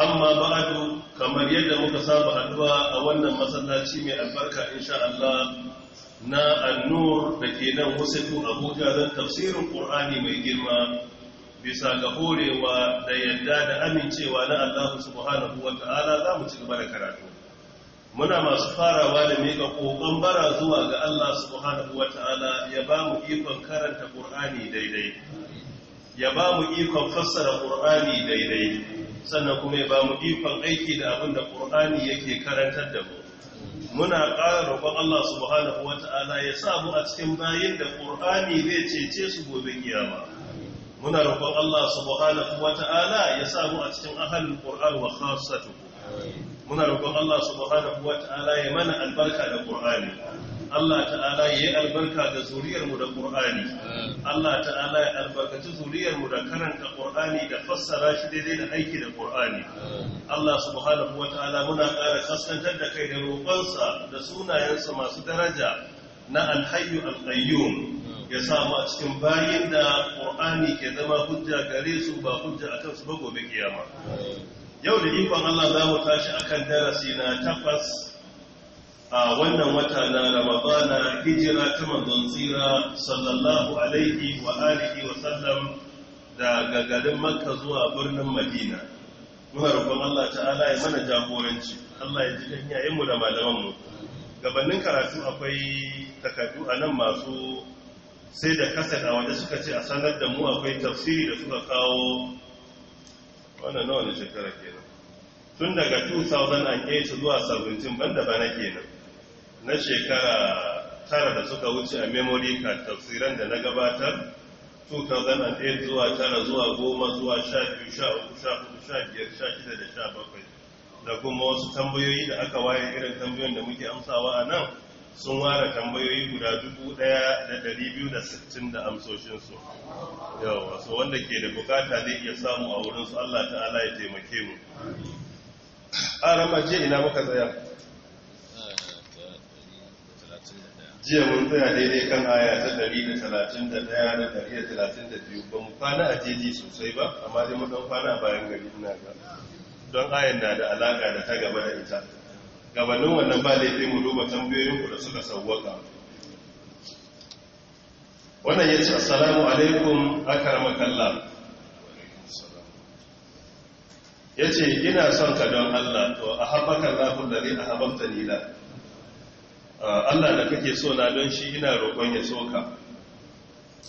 amma ba'adu kamar yadda muka saba addu'a a wannan masallaci mai albarka insha Allah na annur da ke nan wasu abuja don tafsirin ƙur'ani mai girma bisa ga horewa da yadda da amincewa na Allah subhanahu wa ta'ala za mu ci gaba da karatu muna masu farawa da mika ƙoƙon bara zuwa ga Allah subhanahu wa ta'ala ya ba mu ikon karanta ƙur'ani daidai ya ba mu ikon fassara ƙur'ani daidai sannan kuma ya ba mu ikon aiki da abin da ƙur'ani yake karantar da mu muna ƙara roƙon Allah subhanahu ta'ala ya sa mu a cikin bayin da ƙorani zai cece su gobe kiyama muna roƙon Allah subhanahu ta'ala ya sa mu a cikin ahalin ƙorani wa khasatu muna roƙon Allah subhanahu ta'ala ya mana albarka da ƙur'ani Allah ta'ala ya yi albarka ga zuriyarmu da ƙur'ani Allah ta'ala ya albarkaci zuriyarmu da karanta ƙur'ani da fassara shi daidai da aiki da ƙur'ani Allah subhanahu wa ta'ala muna ƙara kaskantar da kai da roƙonsa da sunayensa masu daraja na alhayyu alqayyum ya samu a cikin bayin da ƙur'ani ke zama hujja gare su ba hujja a su ba gobe kiyama yau da ikon Allah za mu tashi akan darasi na takwas a wannan wata na ramadana hijira ta manzon tsira sallallahu alaihi wa alihi wa sallam daga garin makka zuwa birnin madina muna rukun Allah ta'ala ya mana jagoranci Allah ya ji dan yayin mu da malaman mu gabanin karatu akwai takardu anan masu sai da kasar a wanda suka ce a sanar da mu akwai tafsiri da suka kawo wannan nawa ne shekara kenan tun daga 2008 zuwa 17 banda bana kenan na shekara tara da suka wuce a memory card tafsiran da na gabatar 2008 zuwa tara zuwa goma zuwa sha biyu sha uku sha hudu sha biyar sha shida da sha bakwai da kuma wasu tambayoyi da aka waye irin tambayoyin da muke amsawa a nan sun ware tambayoyi guda dubu ɗaya da dari biyu da sittin da amsoshinsu yawa so wanda ke da bukata zai iya samu a wurinsu allah ta'ala ya taimake mu a ramaje ina muka tsaya jiya mun tsaya daidai kan aya ta 131 da 132 ba mu kwana a jeji sosai ba amma dai mun kwana bayan gari ina ga don ayan na da alaka da ta gaba da ita gabanin wannan ba laifin mu duba tambayoyin ku da suka sauwaka wannan ya ce assalamu alaikum kalla. ya ce ina son ka don Allah to a haɓaka lafin da ne a haɓafta nila Allah da kake so na don shi ina roƙon ya soka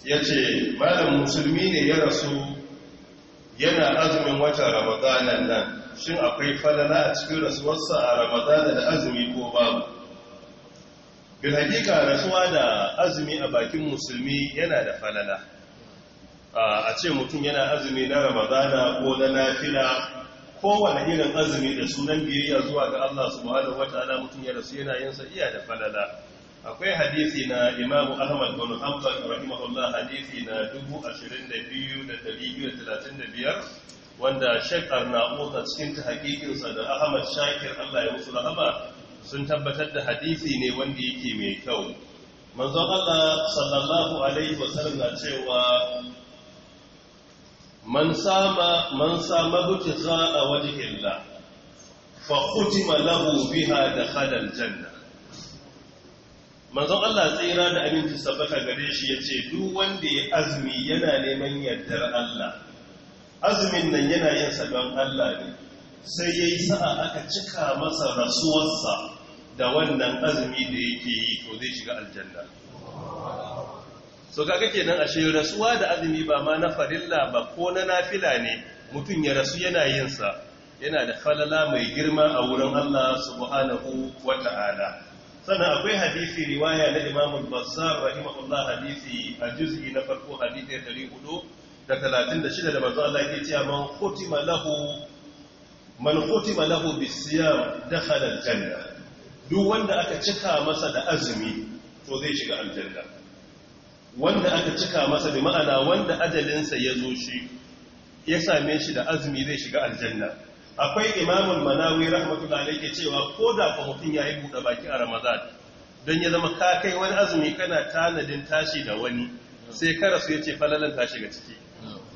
ya ce malam musulmi ne ya rasu yana azumin watan ramadanan nan shin akwai falala a cikin rasuwarsa a ramadana da azumi ko babu bil hakika rasuwa da azumi a bakin musulmi yana da falala a ce mutum yana azumi na ramadana ko na nafila kowane irin azumi da sunan biyayya zuwa ga Allah subhanahu wataala mutum ya rasu yana yin sa'iya da falala akwai hadisi na Imam Ahmad bin Hanbal rahimahullah hadisi na 22235 wanda Sheikh na a cikin ta sa da Ahmad Shakir Allah ya musu rahama sun tabbatar da hadisi ne wanda yake mai kyau manzon Allah sallallahu alaihi wasallam na cewa man sama man sama butiza a wajhi Allah fa khutima da biha manzon Allah tsira da aminci sabaka gare shi yace duk wanda ya azumi yana neman yardar Allah azumin nan yana yin don Allah ne sai yayi sa'a aka cika masa rasuwarsa da wannan azumi da yake yi to zai shiga aljanna so ke nan ashe rasuwa da azumi ba ma na farilla ba ko na nafila ne mutum ya rasu yana yin sa yana da falala mai girma a wurin Allah subhanahu ta'ala sannan akwai hadisi riwaya na Imam al-Bazzar rahimahullah hadisi a juz'i na farko hadisi 400 da 36 da manzo Allah yake cewa man khutima lahu man khutima lahu bisiyam dakhala al duk wanda aka cika masa da azumi to zai shiga aljanna wanda aka cika masa bi ma'ana wanda ajalinsa ya zo shi ya same shi da azumi zai shiga aljanna akwai imamul manawi rahmatullahi alayhi cewa ko da fa mutum yayi buɗe baki a ramadan dan ya zama ka kai wani azumi kana tanadin tashi da wani sai ka rasu yace falalan tashi ga ciki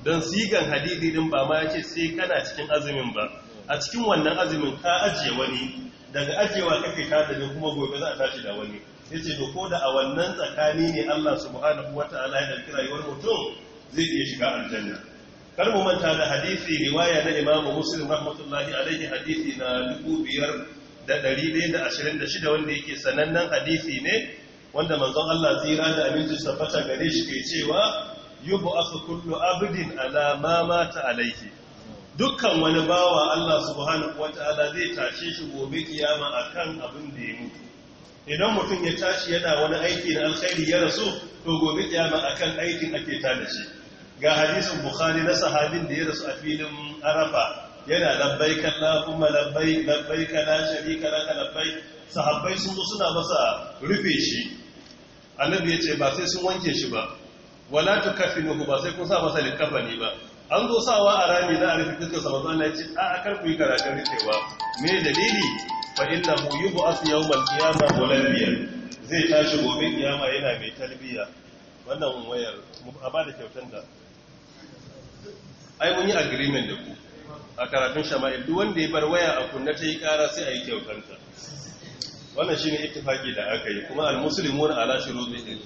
dan sigan hadisi din ba ma yace sai kana cikin azumin ba a cikin wannan azumin ka ajiye wani daga ajiyewa kake tanadin kuma gobe za a tashi da wani yace ce ko da a wannan tsakani ne Allah subhanahu Ta'ala ya ɗauki rayuwar mutum zai iya shiga aljanna kar mu manta da hadisi riwaya na Imam Muslim rahmatullahi alaihi hadisi na 5126 wanda yake sanannen hadisi ne wanda manzon Allah zira da aminci tabbata gare shi ke cewa asu kullu abdin ala ma mata alaihi dukkan wani bawa Allah subhanahu Ta'ala zai tashe shi gobe kiyama akan abin da ya mutu idan mutum ya tashi yana wani aiki da alkhairi ya rasu to gobe kiyama akan aikin ake tana shi ga hadisin bukhari na sahabin da ya rasu a filin arafa yana labbaika allahumma labbai labbaika la sharika laka labbai sahabbai sun suna masa rufe shi annabi ya ce ba sai sun wanke shi ba wala tukaffinuhu ba sai kun sa masa likafani ba an zo sawa a rami za a rufe fuskar sa manzo a kar ku yi karatun rufewa me dalili fa innahu yub'as yawmal qiyamah mulammiyan zai tashi gobe kiyama yana mai talbiya wannan wayar a ba da kyautar da ai mun yi agreement da ku a karatun shama'il duk wanda ya bar waya a kunna ta yi kara sai a yi kyautar ta wannan shine ittifaki da aka yi kuma almuslimun ala shuruɗi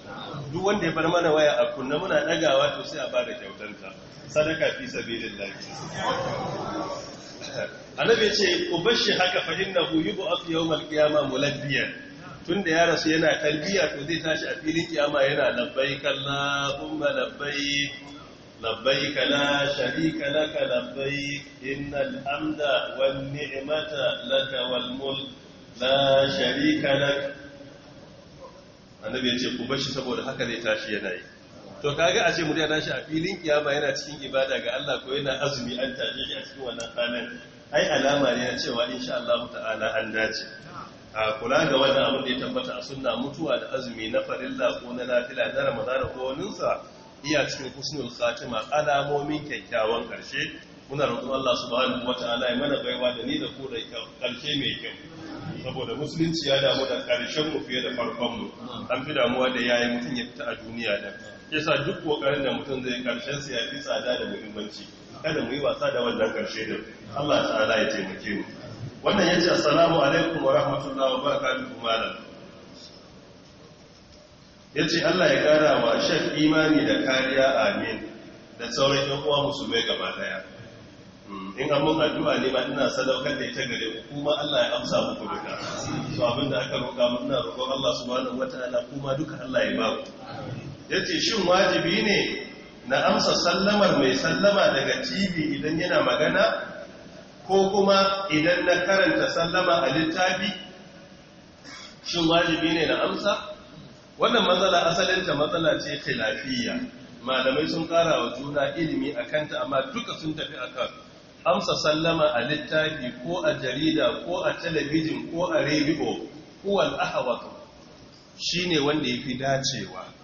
duk wanda ya bar mana waya a kunna muna dagawa to sai a ba da kyautar ta sadaka fi sabilillah annabi ya ce ku bashi haka fa innahu yub'ath yawm al-qiyamah mulabbiyan tunda ya rasu yana talbiya to zai tashi a filin kiyama yana Labbai labbaik allahumma labbaik labbaik la sharika laka labbaik innal hamda wan ni'mata laka wal mulk la sharika lak annabi ce ku bashi saboda haka zai tashi yana yi to kaga a ce mu ya shi a filin kiyama yana cikin ibada ga Allah ko yana azumi an tashi shi a cikin wannan halin ai alama ne na cewa insha Allah ta'ala an dace a kula ga wannan abin da ya tabbata a sunna mutuwa da azumi na farilla ko na nafila na Ramadan ko sa iya cikin husnul khatima alamomin kyakkyawan karshe muna roƙon Allah subhanahu wataala ya mana baiwa da ni da ku da karshe mai kyau saboda musulunci ya damu da karshen mu fiye da farkon mu an fi damuwa da yayin mutum ya fita a duniya da yasa duk kokarin da mutum zai karshen sa ya fi tsada da muhimmanci kada mu yi wasa da wannan karshe da Allah ala ya taimake mu wannan yace assalamu alaikum wa rahmatullahi wa barakatuh malam yace Allah ya kara wa shek imani da kariya amin da sauran yan uwa musulmai gaba daya hmm, in an mun addu'a ne ba ina sadaukar da ita gare ku kuma Allah ya amsa muku duka so abinda aka roƙa mu ina roƙon Allah subhanahu wataala kuma duka Allah ya ba ku ya ce shin wajibi ne na amsa sallamar mai sallama daga tv idan yana magana ko kuma idan na karanta sallama a littafi shin wajibi ne na amsa wannan matsala asalinta matsala ce khilafiyya malamai sun kara wa juna ilimi a kanta amma duka sun tafi akan amsa sallama a littafi ko a jarida ko a talabijin ko a rediyo ko shi shine wanda ya fi dacewa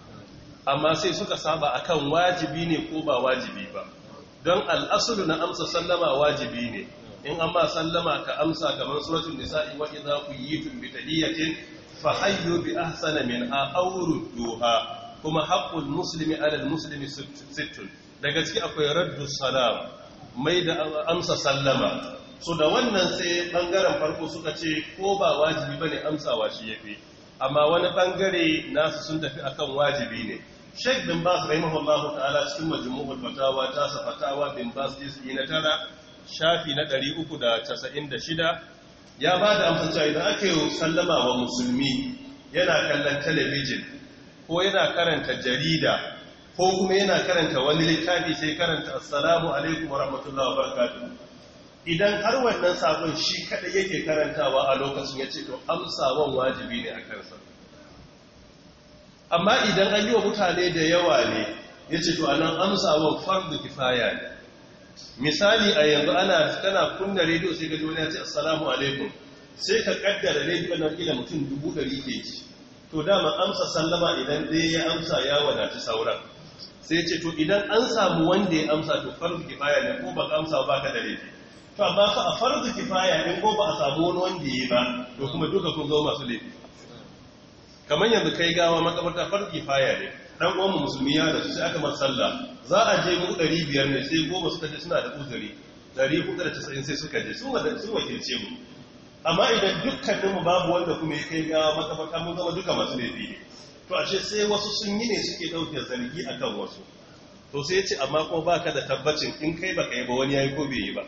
amma sai suka saba akan wajibi ne ko ba wajibi ba don al'asulu na amsa sallama wajibi ne in an ba sallama ka amsa kamar suratun nisa'i wa za ku bi tahiyatin fa hayo bi ahsana min auru duha kuma haqqul musulmi alal musulmi sittun daga ciki akwai raddu salam mai da amsa sallama so da wannan sai ɓangaren farko suka ce ko ba wajibi ba amsa amsawa shi yafi amma wani ɓangare nasu sun tafi akan wajibi ne Sheikh bin Bas rahimahullahu ta'ala cikin majmu'ul fatawa ta sa fatawa bin Bas jisi na tara shafi na 396 ya ba da amsa cewa idan aka yi sallama wa musulmi yana kallon talabijin ko yana karanta jarida ko kuma yana karanta wani littafi sai karanta assalamu alaikum wa rahmatullahi wa barakatuh idan har wannan sabon shi kada yake karantawa a lokacin yace to amsa wajibi ne a kansa amma idan an yi wa mutane da yawa ne ya ce to anan amsawa fardu kifaya ne misali a yanzu ana tana kunna rediyo sai ga duniya ce assalamu alaikum sai ka kaddara rediyo na kila mutum dubu ɗari ke ci to dama amsa sallama idan dai ya amsa ya wadaci sauran sai ce to idan an samu wanda ya amsa to fardu kifaya ne ko ba ka amsa ba ka da rediyo. to amma fa a fardu kifaya ne ko ba a samu wani wanda ya yi ba to kuma duka kun zo masu laifi kamar yanzu kai gawa makabarta farki faya ne ɗan uwanmu musulmi ya da sai aka za a je mu 500 ne sai goma suka je suna da uzuri 490 sai suka je sun wada sun wakilce mu amma idan dukkanin mu babu wanda kuma ya kai gawa makabarta mun zama duka masu laifi to a ce sai wasu sun yi ne suke dauke zargi akan wasu to sai ya ce amma kuma baka da tabbacin in kai baka yi ba wani yayi ko bai yi ba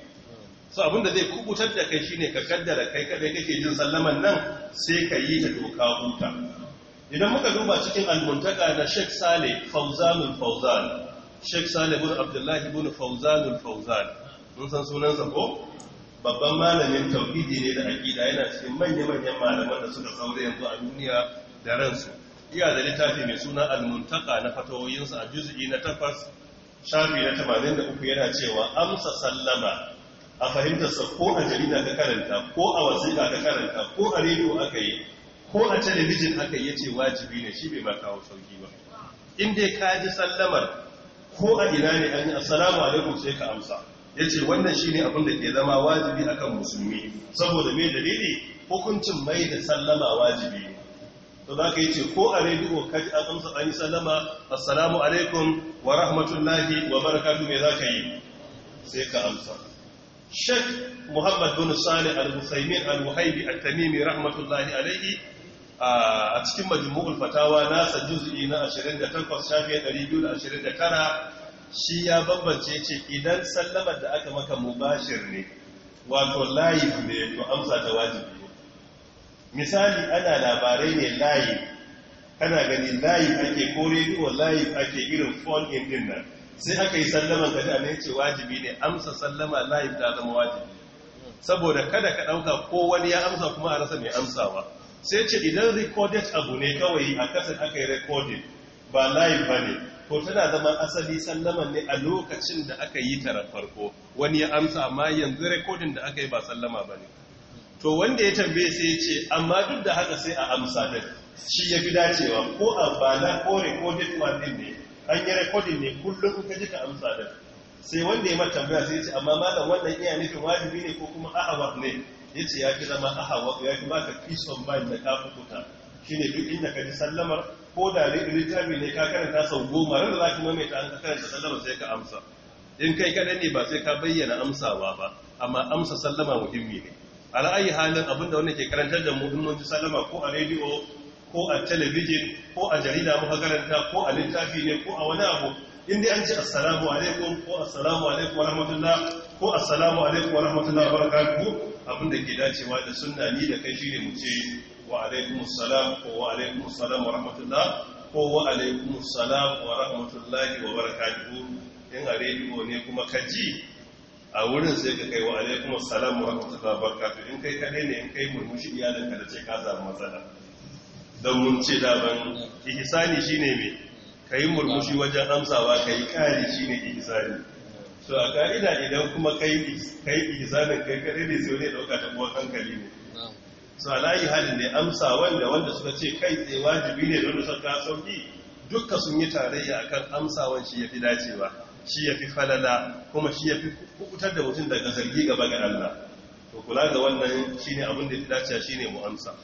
so da zai kubutar da kai shine ka kaddara kai kadai kake jin sallaman nan sai ka yi ta doka huta idan muka duba cikin almuntaka na Sheikh Saleh Fauzanul Fauzan Sheikh Saleh bin Abdullahi bin Fauzanul Fauzan mun san sunansa ko babban malamin tauhidi ne da aqida yana cikin manya-manyan malaman da suka saura yanzu a duniya da ransu iya da littafi mai suna almuntaka na fatawoyinsa a juz'i na takwas shafi na 83 yana cewa amsa sallama a fahimtarsa ko a jarida ka karanta ko a wasiƙa ka karanta ko a rediyo aka yi ko a talabijin aka yi ce wajibi ne shi bai baka kawo sauki ba inda ka kaji sallamar ko a ina ne an yi assalamu alaikum sai ka amsa ya ce wannan shi ne abinda ke zama wajibi a kan musulmi saboda mai dalili hukuncin mai da sallama wajibi ne to za ka yi ce ko a rediyo ka ji an amsa an yi sallama assalamu alaikum wa rahmatullahi wa barakatu me za ka yi sai ka amsa Sheikh muhammad bin salih al-husaymin al-wahibi al tamimi rahmatullahi alaihi a cikin majmu'ul fatawa nasa juz'i na 28 shafi 229 shi ya bambance ce idan sallamar da aka maka mubashir ne wato layif ne to amsa ta wajibi misali ana labarai ne layif ana gani layif ake ko rediyo layif ake irin fon in din nan sai aka yi sallamar da ne ce wajibi ne amsa sallama layif ta zama wajibi saboda kada ka dauka ko wani ya amsa kuma a rasa mai amsawa sai ce idan recorded abu ne kawai a kasar aka yi recorded ba live ba ne ko tana zama asali sallaman ne a lokacin da aka yi tara farko wani ya amsa amma yanzu recording da aka yi ba sallama ba ne to wanda ya tambaye sai ce amma duk da haka sai a amsa da shi ya fi dacewa ko a bala ko recorded one ne an yi recording ne kullum ka ji ka amsa da sai wanda ya mata tambaya sai ce amma malam wannan iya nufin wajibi ne ko kuma a'awar ne ya ce ya fi zama ahawa ya fi baka peace of mind da ka fukuta shi ne duk inda ka ji sallamar ko da littafi ne ka karanta sau goma ran da za mamaita an ka karanta sallamar sai ka amsa in kai kaɗan ne ba sai ka bayyana amsawa ba amma amsa sallama muhimmi ne a ra'ayi halin abinda wanda ke karantar da muhimmanci sallama ko a rediyo ko a telebijin ko a jarida muka karanta ko a littafi ne ko a wani abu in dai an ce assalamu alaikum ko assalamu alaikum wa rahmatullah ko assalamu alaikum wa rahmatullah wa barakatuh abinda da ke dacewa da sunna ni da kai shine mu ce wa alaikum assalam ko wa alaikum assalam wa rahmatullah ko wa alaikum assalam wa rahmatullahi wa barakatuh in a rediyo ne kuma ka ji a wurin sai ka kai wa alaikum assalam wa rahmatullahi wa barakatuh in kai kadai ne in kai murmushi ka da ce ka zama matsala don mun ce da ban ihsani shine me kai murmushi wajen amsawa kai kari shine ihsani so a ka'ida idan kuma kai zanen kai kadai ne sai wani ɗauka ta buwan hankali ne so a layi halin ne amsa wanda wanda suka ce kai tsaye wajibi ne don su ka sauki dukka sun yi tarayya akan amsawan shi ya fi dacewa shi ya fi falala kuma shi ya fi kukutar da mutum daga zargi gaba ga Allah to kula ga wannan shi ne abin da ya fi dacewa shi ne mu amsa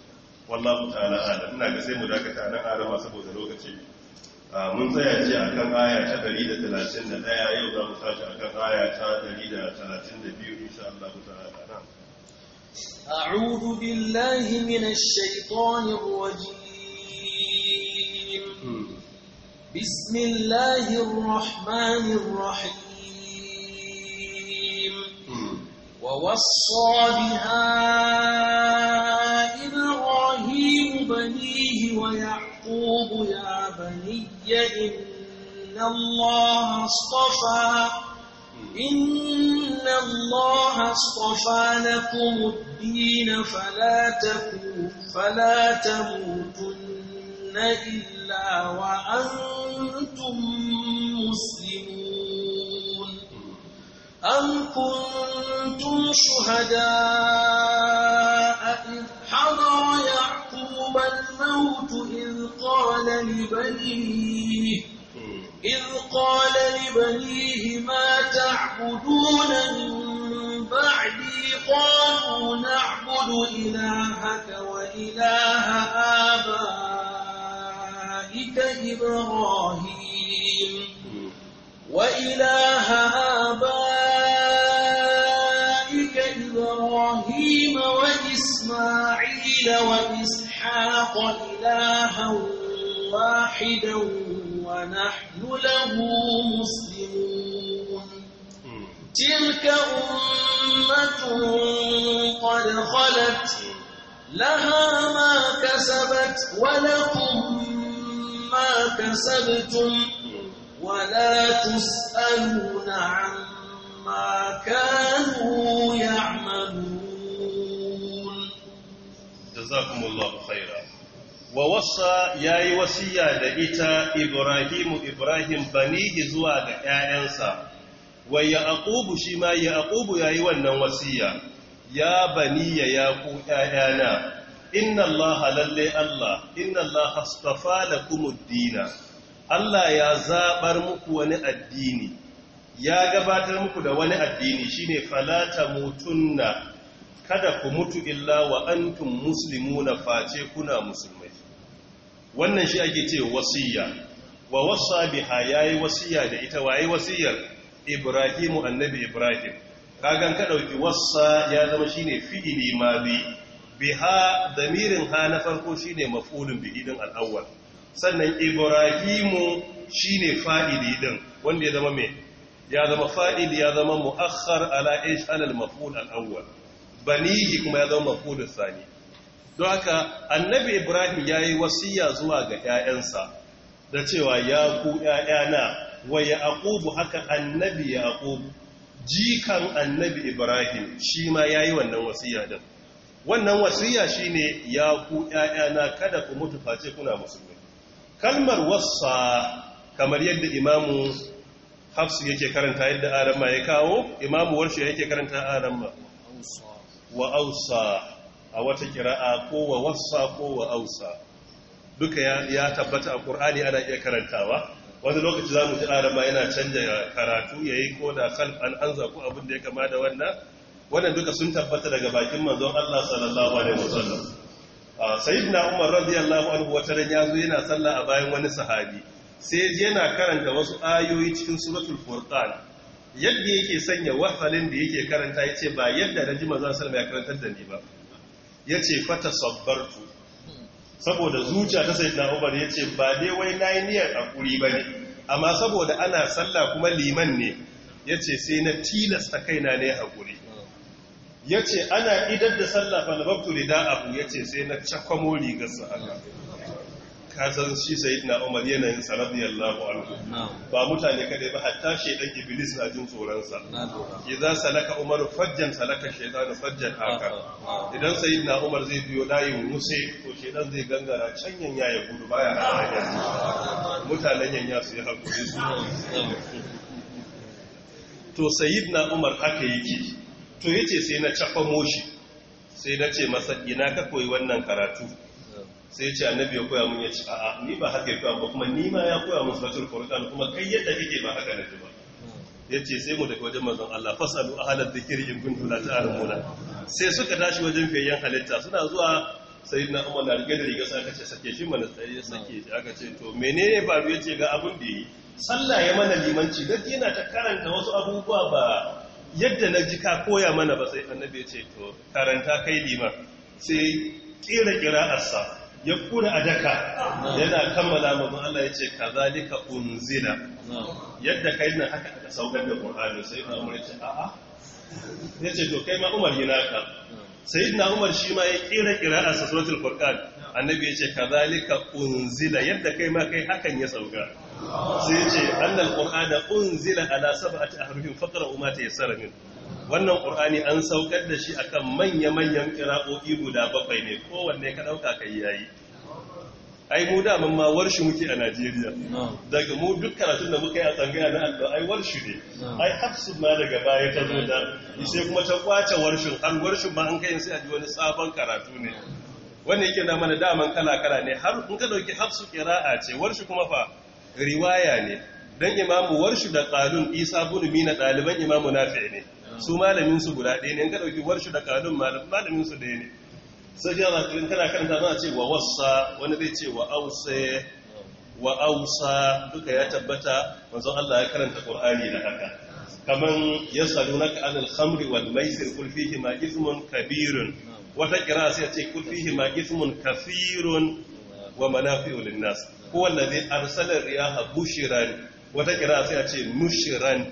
wallahu ta'ala ala ina ga sai mu dakata nan arama saboda lokaci آه، mun tsaya ce a kan aya ta 131 yau za mu tashi a kan aya ta 132 insha Allah ta'ala أعوذ بالله من الشيطان الرجيم hmm. بسم الله الرحمن الرحيم hmm. ووصى بها إبراهيم بنيه ويعقوب يا بني إن الله اصطفى إن الله اصطفى لكم الدين فلا تكون فلا تموتن إلا وأنتم مسلمون أم كنتم شهداء إذ حضر يعقوب يوم الموت إذ قال لبنيه إذ قال لبنيه ما تعبدون من بعدي قالوا نعبد إلهك وإله آبائك إبراهيم وإله آبائك إبراهيم وإسماعيل وإسحاق إسحاق إلها واحدا ونحن له مسلمون تلك أمة قد خلت لها ما كسبت ولكم ما كسبتم ولا تسألون عما كانوا يعملون jazakumullahu khaira wa wasa yayi wasiya da ita Ibrahimu Ibrahim banihi zuwa ga 'ya'yansa. wa yaqubu shi ma yaqubu yayi wannan wasiya ya baniya ya ku 'ya'yana. inna allaha lalle allah inna allaha astafa lakumud dina allah ya zabar muku wani addini ya gabatar muku da wani addini shine falata mutunna kada ku mutu illa wa antum muslimuna face kuna musulmai wannan shi ake ce wasiya wa wasa biha yayi wasiya da ita waye wasiyar ibrahimu annabi ibrahim kagan ka dauki wasa ya zama shine fi'ili madi biha damirin ha na farko shine maf'ulun bi idan al-awwal sannan ibrahimu shine fa'ili din wanda ya zama me ya zama fa'ili ya zama muakhkhar ala ish al-maf'ul al-awwal banihi kuma ya zama mafudun sani don haka annabi ibrahim ya yi wasiya zuwa ga 'ya'yansa da cewa ya ku 'ya'yana wa yaqubu haka annabi ya yaqubu jikan annabi ibrahim shi ma ya yi wannan wasiya din wannan wasiya ne ya ku 'ya'yana kada ku mutu face kuna musulmi kalmar wasa kamar yadda imamu hafsu yake karanta yadda ya kawo imamu warshe yake karanta wa ausa a wata kira'a ko wa wasa ko wa ausa duka ya tabbata a ƙur'ani ana iya karantawa wani lokaci za mu ji arama yana canja karatu ya yi ko da kalf an an zaku abin ya kama da wannan wannan duka sun tabbata daga bakin manzon Allah sallallahu alaihi wasallam sayyidina Umar radiyallahu anhu wata ran ya zo yana sallah a bayan wani sahabi sai yana karanta wasu ayoyi cikin suratul furqan yadda yake sanya wahalin da yake karanta ya ce ba yadda na ji mazan salama ya karantar da ni ba ya ce fata sabbartu saboda zuciya ta sai na umar ya ce ba dai wai na yi niyyar kuri ba ne amma saboda ana sallah kuma liman ne ya ce sai na tilasta kaina ne hakuri ya ce ana idar da sallah babtu da abu ya ce sai na cakwamo rigarsa haka kasar shi sayid na umar yanayin sarabin yallahu anhu ba mutane kadai ba hatta shaidan iblis na jin tsoronsa idan salaka umar fajjan salaka shaidan fajjan haka idan sayid na umar zai biyo layin musai, to shaidan zai gangara can yanya ya gudu baya hanyar mutanen yanya su yi hakuri su to sayid na umar haka yake to yace sai na cafa shi sai na ce masa ina ka koyi wannan karatu sai ce annabi ya koya mun ya ce a'a ni ba haka ya koya ba kuma ni ma ya koya mun suratul furqan kuma kai yadda kike ba haka ne ba yace sai mu daga wajen manzon Allah fasalu ahlal dhikri in kuntum la ta'lamuna sai suka tashi wajen fayyan halitta suna zuwa sayyidina Umar da rige da riga sai aka ce sake shi mana tsaye sake aka ce to menene ba ya yace ga abun da yi sallah ya mana limanci gaske yana ta karanta wasu abubuwa ba yadda na ji ka koya mana ba sai annabi ya ce to karanta kai liman sai kira kira asa ya kura a daka yana kammala mazan Allah ya ce ka zalika unzila yadda ka yi nan haka ka saukar da ƙwararri sai na umar ce a'a ya ce to kai ma umar yi naka sai na umar shi ma ya kira kira a sassotul ƙwarƙar annabi ya ce ka zalika unzila yadda kai ma kai hakan ya sauka sai ce annal ƙwararri unzila ala ta ahrufin fakar umma ta yi min wannan ƙur'ani an saukar da shi a kan manya-manyan ƙira'o'i guda bakwai ne kowanne ka ɗauka ka yi yayi ai mu da ma warshi muke a Najeriya daga mu duk karatun da muka yi a tsangaya na allo ai warshi ne ai hafsu ma daga baya ta zo da sai kuma ta kwace warshin an warshin ma an kai sai a ji wani sabon karatu ne wanda yake da mana daman kala kala ne har in ka dauki hafsu qira'a ce warshi kuma fa riwaya ne dan imamu warshi da qalun isa bin mina daliban imamu nafi ne su malamin su guda ɗaya ne in ka dauki warshu da kanun malamin su ɗaya ne sai yana kirin kana karanta za a ce wa wasa, wani zai ce wa ausa wa ausa duka ya tabbata manzon Allah ya karanta Qur'ani da haka kaman yasalunaka anil khamri wal maisir kul fihi ma ismun kabirun wata kira sai ya ce kul fihi ma ismun kathirun wa manafi'u lin nas huwa Arsalar arsala riyaha bushiran wata kira sai ya ce mushiran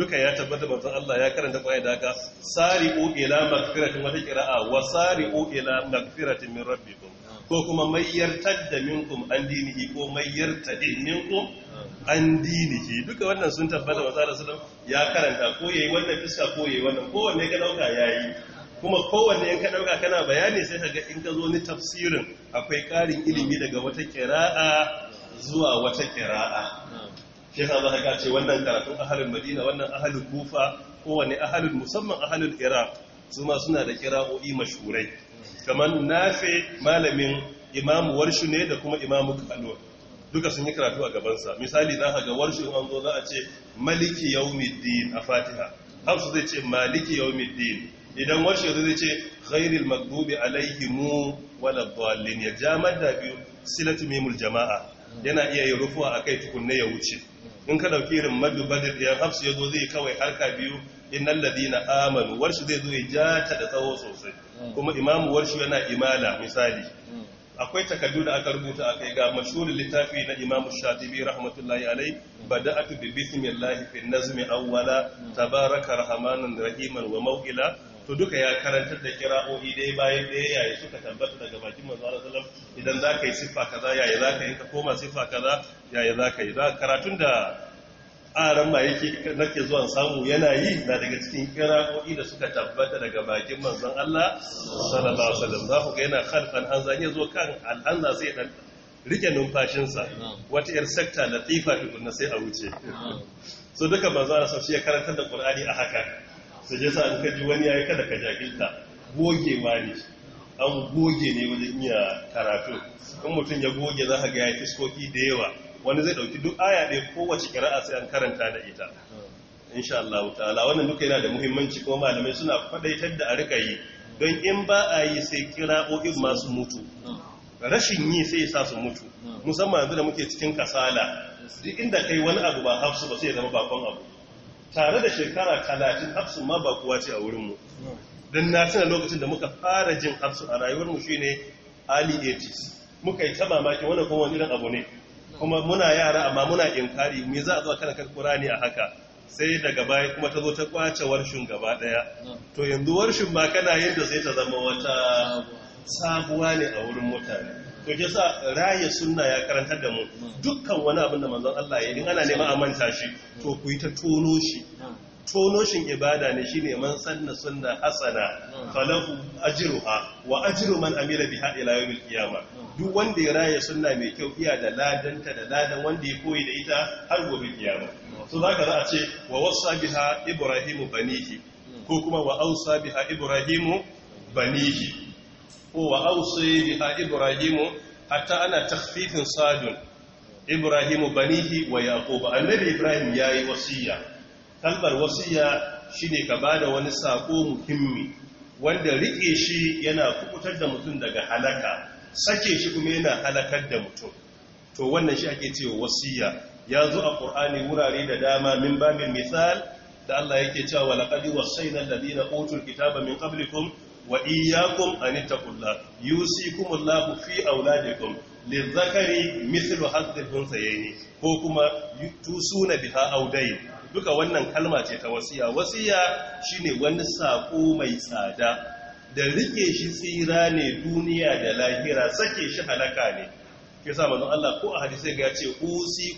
duka ya tabbata manzon Allah ya karanta kwaye da haka sari'u ila magfiratin wata kira'a wa sari'u ila magfiratin min rabbikum ko kuma mayyar tadda minkum an dinihi ko mayyar tadin minkum an dinihi duka wannan sun tabbata manzon Allah sallallahu ya karanta ko yayi wannan fiska ko yayi wannan kowanne ka dauka yayi kuma kowanne in ka dauka kana bayani sai kaga in ka zo ni tafsirin akwai karin ilimi daga wata kira'a zuwa wata kira'a shi yasa ce wannan karatun ahalin madina wannan ahalin kufa kowane ahalin musamman ahalin iraq su ma suna da kira'o'i mashhurai kamar nafe malamin Imam warshu ne da kuma Imam kalwa duka sun yi karatu a gabansa misali za ka ga warshu an zo za a ce maliki yaumiddin a fatiha hausa zai ce maliki yaumiddin idan warshu zai ce ghairil maghdubi mu wala dallin ya jamar da biyu silatu mimul jama'a yana iya yi rufuwa akai tukunne ya wuce in ka ɗauki irin madu badir ɗayan hafsu ya zo zai kawai harka biyu in nan ladi na amanu warshi zai zo ya ja ta da tsawo sosai kuma imamu warshi yana imala misali akwai takardu da aka rubuta a kai ga mashhurin littafi na imamu shatibi rahmatullahi alai bada'atu bi bismillahi fi nazmi awwala tabaraka rahmanan rahiman wa maw'ila to duka ya karantar da kira'o'i dai bayan da yayi suka tambata daga bakin manzo Allah sallallahu alaihi wasallam idan zaka yi siffa kaza yayi zaka yi ka koma siffa kaza yayi zaka yi za karatun da aran ma yake nake zuwan samu yana yi na daga cikin kira'o'i da suka tabbata daga bakin manzon Allah sallallahu alaihi wasallam za ku ga yana khalfan an zanye zo kan al'anna sai dan rike numfashinsa wata yar sector latifa tukunna sai a wuce so duka manzon Allah sai ya karantar da Qur'ani a haka Sai je sa an kaji wani ya yi kada ka jahilta ma ne an goge ne wajen iya karatu in mutum ya goge za ka ga ya fiskoki da yawa wani zai ɗauki duk aya ɗaya kowace kira'a sai an karanta da ita insha Allah ta'ala wannan duka yana da muhimmanci kuma malamai suna faɗaitar da a rika yi don in ba a yi sai kira'o'in masu mutu rashin yi sai sa su mutu musamman yanzu da muke cikin kasala duk inda kai wani abu ba hafsu ba sai ya zama bakon abu tare da shekara talatin hafsu ma ba kuwa ce a wurinmu don na tuna lokacin da muka fara jin hafsu a rayuwarmu shi ne early 80 muka yi ta mamakin wani kuma wani irin abu ne kuma muna yara amma muna inkari me za a zuwa kana karkura kurani a haka sai daga baya kuma ta zo ta kwace warshin gaba daya to yanzu warshin ba kana yadda sai ta zama wata sabuwa ne a wurin mutane to ke sa raya sunna ya karantar da mu dukkan wani abin da manzon Allah ya yi ana nema a manta shi to ku yi ta tono shi tono shin ibada ne shine man sanna suna hasana falahu ha wa ajiru man bi haɗe layo mil kiyama duk wanda ya raya suna mai kyau iya da ladanta da ladan wanda ya koyi da ita har gobe kiyama so ka za a ce wa wasa biha ibrahimu banihi ko kuma wa ausa biha ibrahimu banihi ko wa bi biha ibrahimu hatta ana takhfifin sadun ibrahimu banihi wa yaquba annabi ibrahim yayi wasiya kalbar wasiya shine ka bada wani sako muhimmi wanda rike shi yana kubutar da mutum daga halaka sake shi kuma yana halakar da mutum to wannan shi ake cewa wasiya ya zo a qur'ani wurare da dama min babil misal da Allah yake cewa laqad wasayna alladhina utul kitaba min qablikum wa iyyakum an taqullah yusikumullahu fi auladikum lizakari mithlu hazzil bunsayni ko kuma tusuna biha audai duka wannan kalma ce ta wasiya wasiya shine wani sako mai tsada da rike shi tsira ne duniya da lahira sake shi halaka ne ya sa manzon Allah ko a hadisi ga ya ce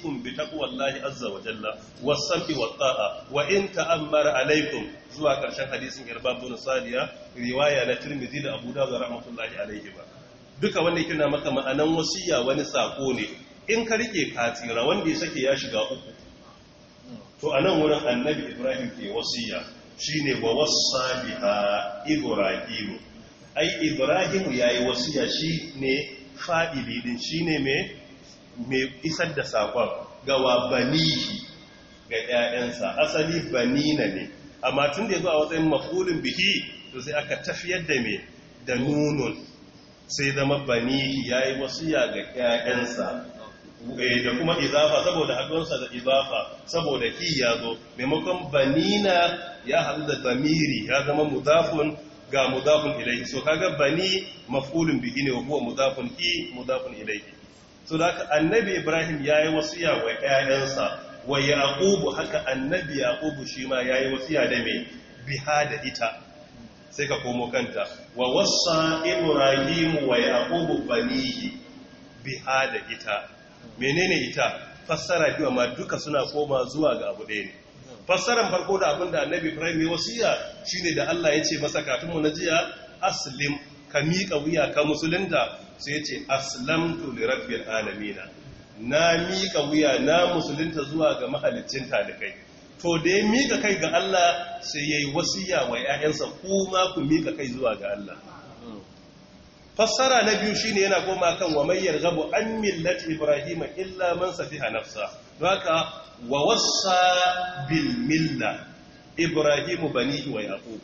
kun bi taqwallahi azza wa jalla was-sabri wa taa wa in ta'ammara alaykum zuwa karshen hadisin Irbab na Sadiya riwaya na Tirmidhi da Abu Dawud rahmatullahi alayhi ba duka wanda yake na maka ma'anan wasiya wani sako ne in ka rike tsira wanda ya sake ya shiga uku to anan wurin Annabi Ibrahim ke wasiya shine wa wassa biha Ibrahim ai Ibrahim yayi wasiya shi ne. fa'ili din shi ne mai isar da sakon gawa banihi ga 'ya'yansa asali banina ne amma tun da ya zo a watsayin mafulin biki to sai aka tafiyar da mai da nunun sai zama banihi ya yi wasu ya ga 'ya'yansa eh, da kuma izafa saboda haɗonsa da izafa saboda ki ya zo maimakon banina ya hadu da zamiri ya zama muzafin ga mudafun ilaihi so kaga bani maf'ulun bihi ne wa huwa mudafun fi mudafun ilaihi so da haka annabi ibrahim yayi wasiya wa ƴaƴansa wa yaqubu haka annabi yaqubu shi ma yayi wasiya da me biha da ita sai ka komo kanta wa wassa ibrahim wa yaqubu banihi biha da ita menene ita fassara biwa ma duka suna koma zuwa ga abu ɗaya ne fassaran farko da abin da annabi ibrahim ya wasiya shine da Allah ya ce masa kafin mu na jiya aslim ka miƙa wuya ka musulunta sai ya ce aslamtu li rabbil alamin na miƙa wuya na musulunta zuwa ga mahalicin kai, to da ya miƙa kai ga Allah sai yayi wasiya wa 'ya'yansa, kuma ku miƙa kai zuwa ga Allah fassara na biyu shine yana goma kan wa mayyar gabu an millati Ibrahim, illa man Safi, nafsa haka wa wasa bil milla ibrahimu bani wa yaqub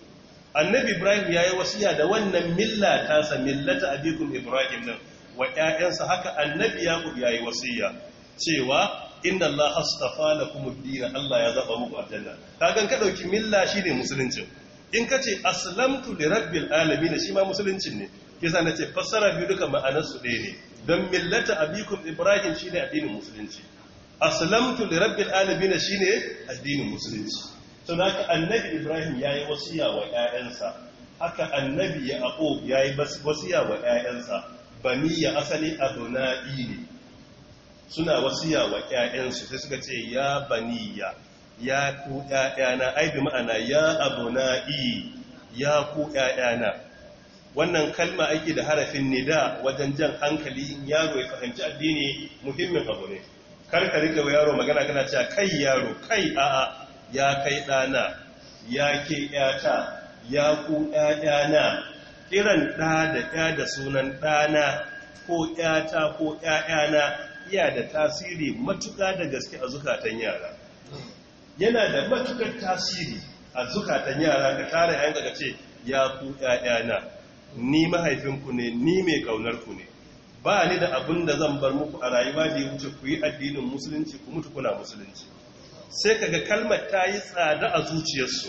annabi ibrahim ya yi wasiya da wannan milla ta sa millata abikum ibrahim nan wa 'ya'yansa haka annabi yaqub yayi wasiya cewa inna allah astafa lakum ad-din allah ya zaba muku aljanna kagan ka dauki milla shine musulunci in kace aslamtu li rabbil alamin shi ma musulunci ne kisa na ce fassara biyu duka ma'anar su ɗaya ne don millata abikum ibrahim shine addinin musulunci aslamtu li rabbil alamin shine addinin musulunci to haka annabi ibrahim yayi wasiya wa ƴaƴansa haka annabi yaqub yayi wasiya wa ƴaƴansa bani ya asali adonai ne suna wasiya wa ƴaƴansu sai suka ce ya baniya ya ku ƴaƴana ai bi ma'ana ya adonai ya ku ƴaƴana wannan kalma ake da harafin nida wajen jan hankali yaro ya fahimci addini muhimmin abu ne kar ka rika wa yaro magana kana cewa kai yaro kai a'a ya kai ɗana ya ke yata ya ku na. kiran ɗa da ya da sunan ɗana ko yata ko na iya da tasiri matuƙa da gaske a zukatan yara yana da matukar tasiri a zukatan yara ka tare ayyuka ka ce ya ku na. ni mahaifinku ne ni mai ƙaunarku ne ba ni da abin da zan bar muku a rayuwa da ya wuce ku yi addinin musulunci ku mutu kuna musulunci sai ka ga kalmar ta yi tsada a zuciyarsu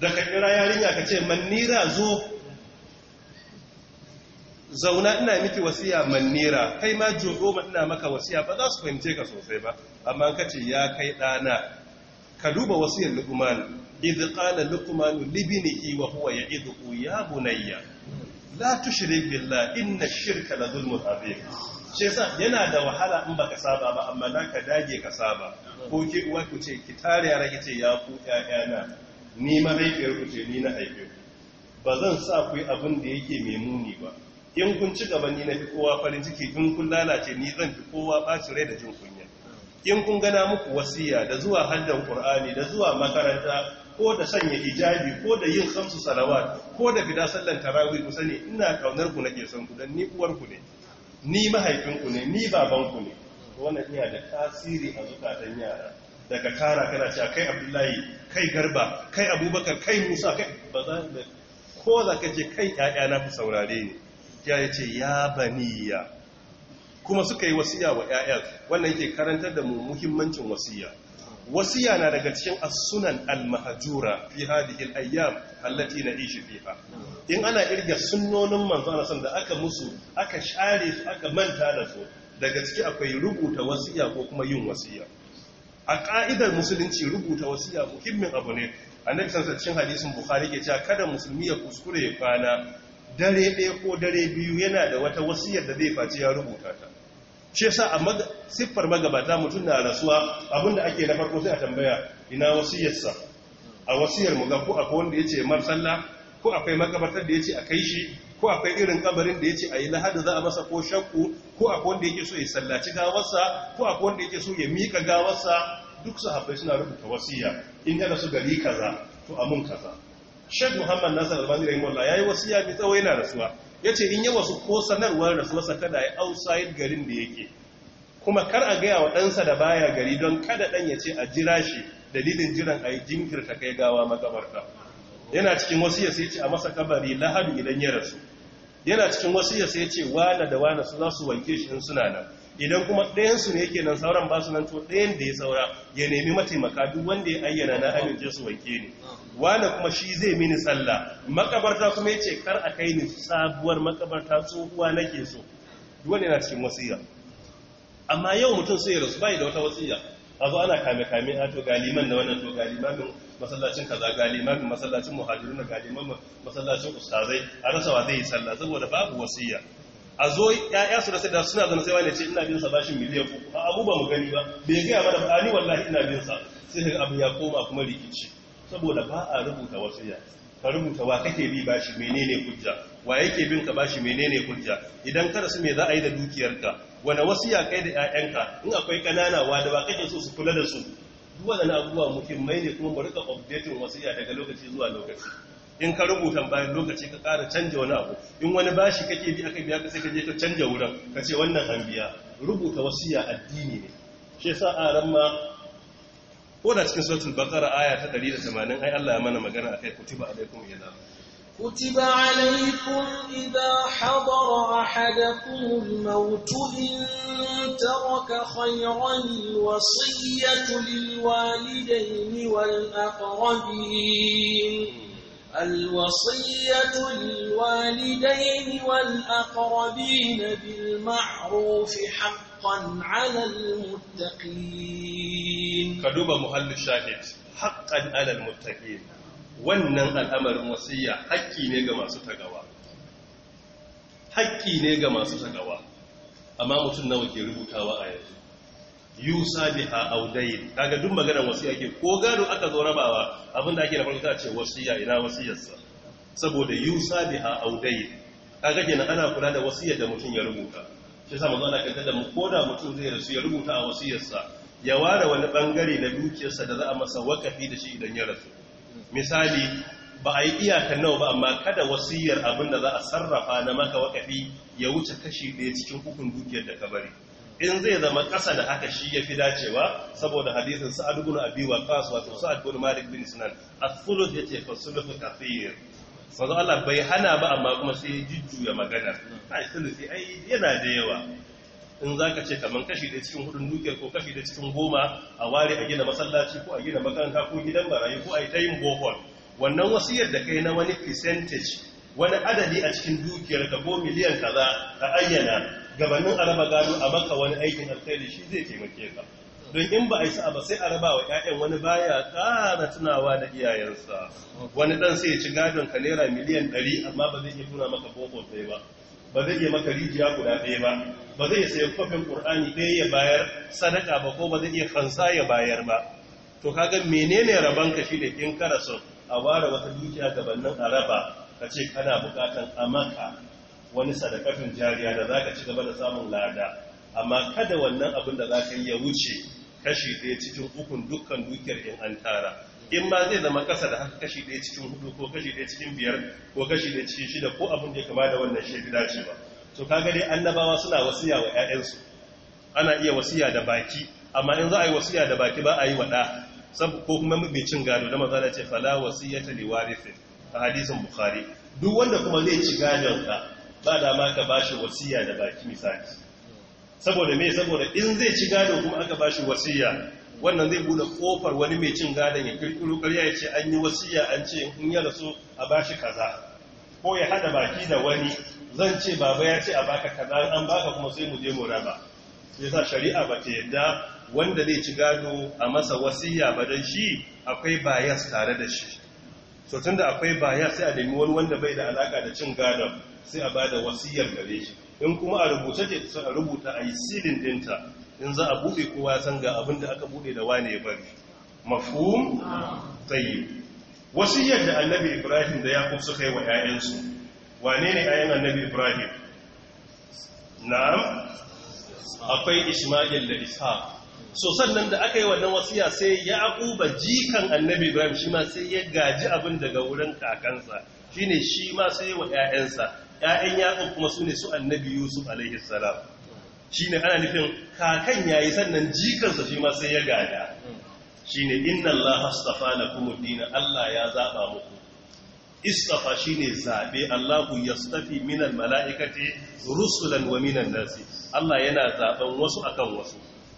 da ka kira yarinya ka ce mannira zo zauna ina miki wasiya mannira kai ma jo'o ina maka wasiya ba za su fahimce ka sosai ba amma ka ce ya kai ɗana ka duba wasiyar luqman idh qala luqman libinihi wa huwa ya'idhu ya bunayya la tushrik billah inna shirka la zulmun azim shi yasa yana da wahala in baka saba ba amma dan ka dage ka saba ko ke uwa ku ce ki tare yara ki ce ya ku na. ni ma haifiyar ku ce ni na haife ba zan sa ku yi abin da yake mai muni ba in kun ci gaba ni na fi kowa farin ciki in kun lalace ni zan fi kowa ɓaci rai da jin kunya in kun gana muku wasiya da zuwa haddan qur'ani da zuwa makaranta ko da sanya hijabi ko da yin khamsu salawat ko da fida sallan tarawih ku sani ina kaunar ku nake son ku dan ni uwar ku ne ni mahaifin ku ne ni baban ku ne wannan iya da tasiri a zukatan yara daga kara kana cewa kai abdullahi kai garba kai abubakar kai musa kai ba za ko za ka ce kai 'ya'yana ku saurare ni ya ce ya baniya kuma suka yi wasiya wa yaya wannan yake karantar da mu muhimmancin wasiya wasiya na daga cikin asunan sunan al-mahjura fi hadhihi al-ayyam allati na'ishu fiha in ana irga sunnonin manzo Allah san da aka musu aka share su aka manta da su daga ciki akwai rubuta wasiya ko kuma yin wasiya a ka'idar musulunci rubuta wasiya muhimmin abu ne annabi san cikin hadisin bukhari ke cewa kada musulmi ya kuskure ya kwana dare ɗaya ko dare biyu yana da wata wasiyar da zai faci ya rubuta ta shi yasa a siffar magabata mutum na rasuwa abinda ake na farko sai a tambaya ina wasiyarsa a wasiyar mu ga ko akwai wanda yace mar sallah ko akwai makabartar da yace a kai shi ko akwai irin kabarin da ya ce a yi lahadi za a masa ko shakku ko akwai wanda yake so ya sallaci gawarsa ko akwai wanda yake so ya mika gawarsa duk su sahabbai suna rubuta wasiya in yana su gari kaza to mun kaza Sheikh Muhammad nasar Albani ya yi wasiya mai tsawo yana rasuwa ya ce in yawa su ko sanarwar da su wasa kada ya outside garin da yake kuma kar a gaya wa ɗansa da baya gari don kada ɗan ya ce a jira shi dalilin jiran a yi jinkirta kai gawa makabarta yana cikin wasu ya sai ce a masa kabari lahadu idan ya rasu yana cikin wasu ya sai ce wana da wana su za su wanke shi in suna nan idan kuma ɗayansu ne yake nan sauran ba su nan to ɗayan da ya saura ya nemi mataimaka duk wanda ya ayyana na amince su wanke ni wanda kuma shi zai mini sallah makabarta kuma ya ce kar a kai ni sabuwar makabarta tsohuwa nake so duk wanda yana cikin wasiya amma yau mutum sai ya rasu bai da wata wasiya a zo ana kame kame a to galiman na wannan to galiman masallacin kaza galiman masallacin muhajirun galiman masallacin ustazai a rasa wa zai yi sallah saboda babu wasiya a zo ya'ya su da sai da suna zana sai wani ce ina bin sa bashin miliyan uku a abu ba mu gani ba bai gaya mana ba ni wallahi ina bin sa sai ka abu ya koma kuma rikici saboda ba a rubuta wasiya ka rubuta wa kake bi bashi menene hujja wa yake bin ka bashi menene hujja idan ka rasu me za a yi da dukiyarka wani wasiya kai da 'ya'yanka in akwai kanana wa da ba kake so su kula da su duk wannan abubuwa muhimmai ne kuma mu rika updating wasiya daga lokaci zuwa lokaci in ka rubuta bayan lokaci ka ƙara canja wani abu in wani bashi kake bi aka biya ka sai ka je ka canja wurin ka ce wannan an biya rubuta wasiya addini ne shi yasa aran ma ko da cikin suratul baqara aya ta 180 ai Allah ya mana magana akai kutiba alaikum idza kutiba alaikum idza hadara ahadakum al-maut in taraka khayran wasiyatu lil walidayni wal aqrabin الوصية للوالدين والأقربين بالمعروف حقا على المتقين كدوب محل الشاهد حقا على المتقين wannan al'amarin wasiya haƙƙi ne ga masu tagawa haƙƙi ne ga masu tagawa amma mutum nawa ke rubutawa a yanzu yusa a audayn kaga duk maganar wasiya ke ko gado aka zo rabawa abinda ake na farko ta ce wasiya ina wasiyarsa saboda yusa biha audayn kaga kenan ana kula da wasiyar da mutum ya rubuta shi yasa manzo Allah kanta da mu koda mutum zai rasu ya rubuta a wasiyarsa ya ware wani bangare na dukiyarsa da za a masa wakafi da shi idan ya rasu misali ba a yi iyaka nawa ba amma kada wasiyar abin da za a sarrafa na maka wakafi ya wuce kashi ɗaya cikin hukun dukiyar da ka bari in zai zama ƙasa da haka shi ya fi dacewa saboda hadisin sa'ad ibn abi waqas wato sa'ad ibn malik bin sinan as-suluth yace fa suluth kafir manzo Allah bai hana ba amma kuma sai ya jujjuya magana ai suluthi ai yana da yawa in zaka ce kamar kashi da cikin hudun dukiyar ko kashi da cikin goma a ware a gina masallaci ko a gina makaranta ko gidan barayi ko a yi ta yin bohol wannan wasiyar da kai na wani percentage wani adadi a cikin dukiyar ka ko miliyan kaza ka ayyana gabanin araba gado a maka wani aikin alkhairi shi zai taimake ka don in ba a yi sa'a ba sai a raba wa 'ya'yan wani baya ƙara tunawa da iyayensa wani dan sai ya ci gadon ka naira miliyan ɗari amma ba zai iya tuna maka boko ɗaya ba ba zai iya maka rijiya guda ɗaya ba ba zai iya sayan kofin ƙur'ani ɗaya ya bayar sadaka ba ko ba zai iya fansa ya bayar ba to kaga menene rabon ka shi da in karasa a ware wata dukiya gabanin araba ka ce kana bukatan a maka wani sadakafin jariya da za ka ci gaba da samun lada amma kada wannan abin da za ka yi ya wuce kashi ɗaya cikin ukun dukkan dukiyar in an tara in ma zai zama ƙasa da haka kashi ɗaya cikin hudu ko kashi ɗaya cikin biyar ko kashi ɗaya cikin shida ko abin da ya kama da wannan ya dace ba to kaga dai annabawa suna wasiya wa 'ya'yansu ana iya wasiya da baki amma in za a yi wasiya da baki ba a yi waɗa ko kuma mai cin gado da maza ce fala wasiyata li warithin a hadisin bukhari duk wanda kuma zai ci gadon ka ba da dama ka bashi wasiya da baki misali saboda me saboda in zai ci gado kuma aka ba shi wasiya wannan zai bude kofar wani mai cin gadon ya kirkiro ƙarya ya ce an yi wasiya an ce in ya rasu a bashi kaza ko ya hada baki da wani zan ce baba ya ce a baka kaza an baka kuma sai mu je mu raba sai sa shari'a ba ta yadda wanda zai ci gado a masa wasiya ba dan shi akwai bayas tare da shi to tunda akwai bayas sai a nemi wani wanda bai da alaka da cin gadon sai a bada wasiyar gare shi in kuma a rubuta ce sai a rubuta a yi silin dinta in za a buɗe kowa san ga abin da aka buɗe da wane ya bari mafhum tsaye. wasiyar da annabi ibrahim da ya kuma suka yi wa 'ya'yansu wane ne 'ya'yan annabi ibrahim Na. akwai isma'il da ishaq so sannan da aka yi wannan wasiya sai ya akuba jikan annabi ibrahim shi ma sai ya gaji abin daga wurin kakansa shine shi ma sai wa 'ya'yansa ‘ya'yan yaƙon kuma su ne su annabi yusuf alaihi salam shi ne ana nufin kakan ya yi sannan jikansa shi ma sai ya gada shi ne inna Allah hastafa na kuma dina Allah ya zaɓa muku istafa shi ne zaɓe Allah ku stafi minan mala'ikati rusulan wa minan nasi Allah yana zaɓen wasu akan wasu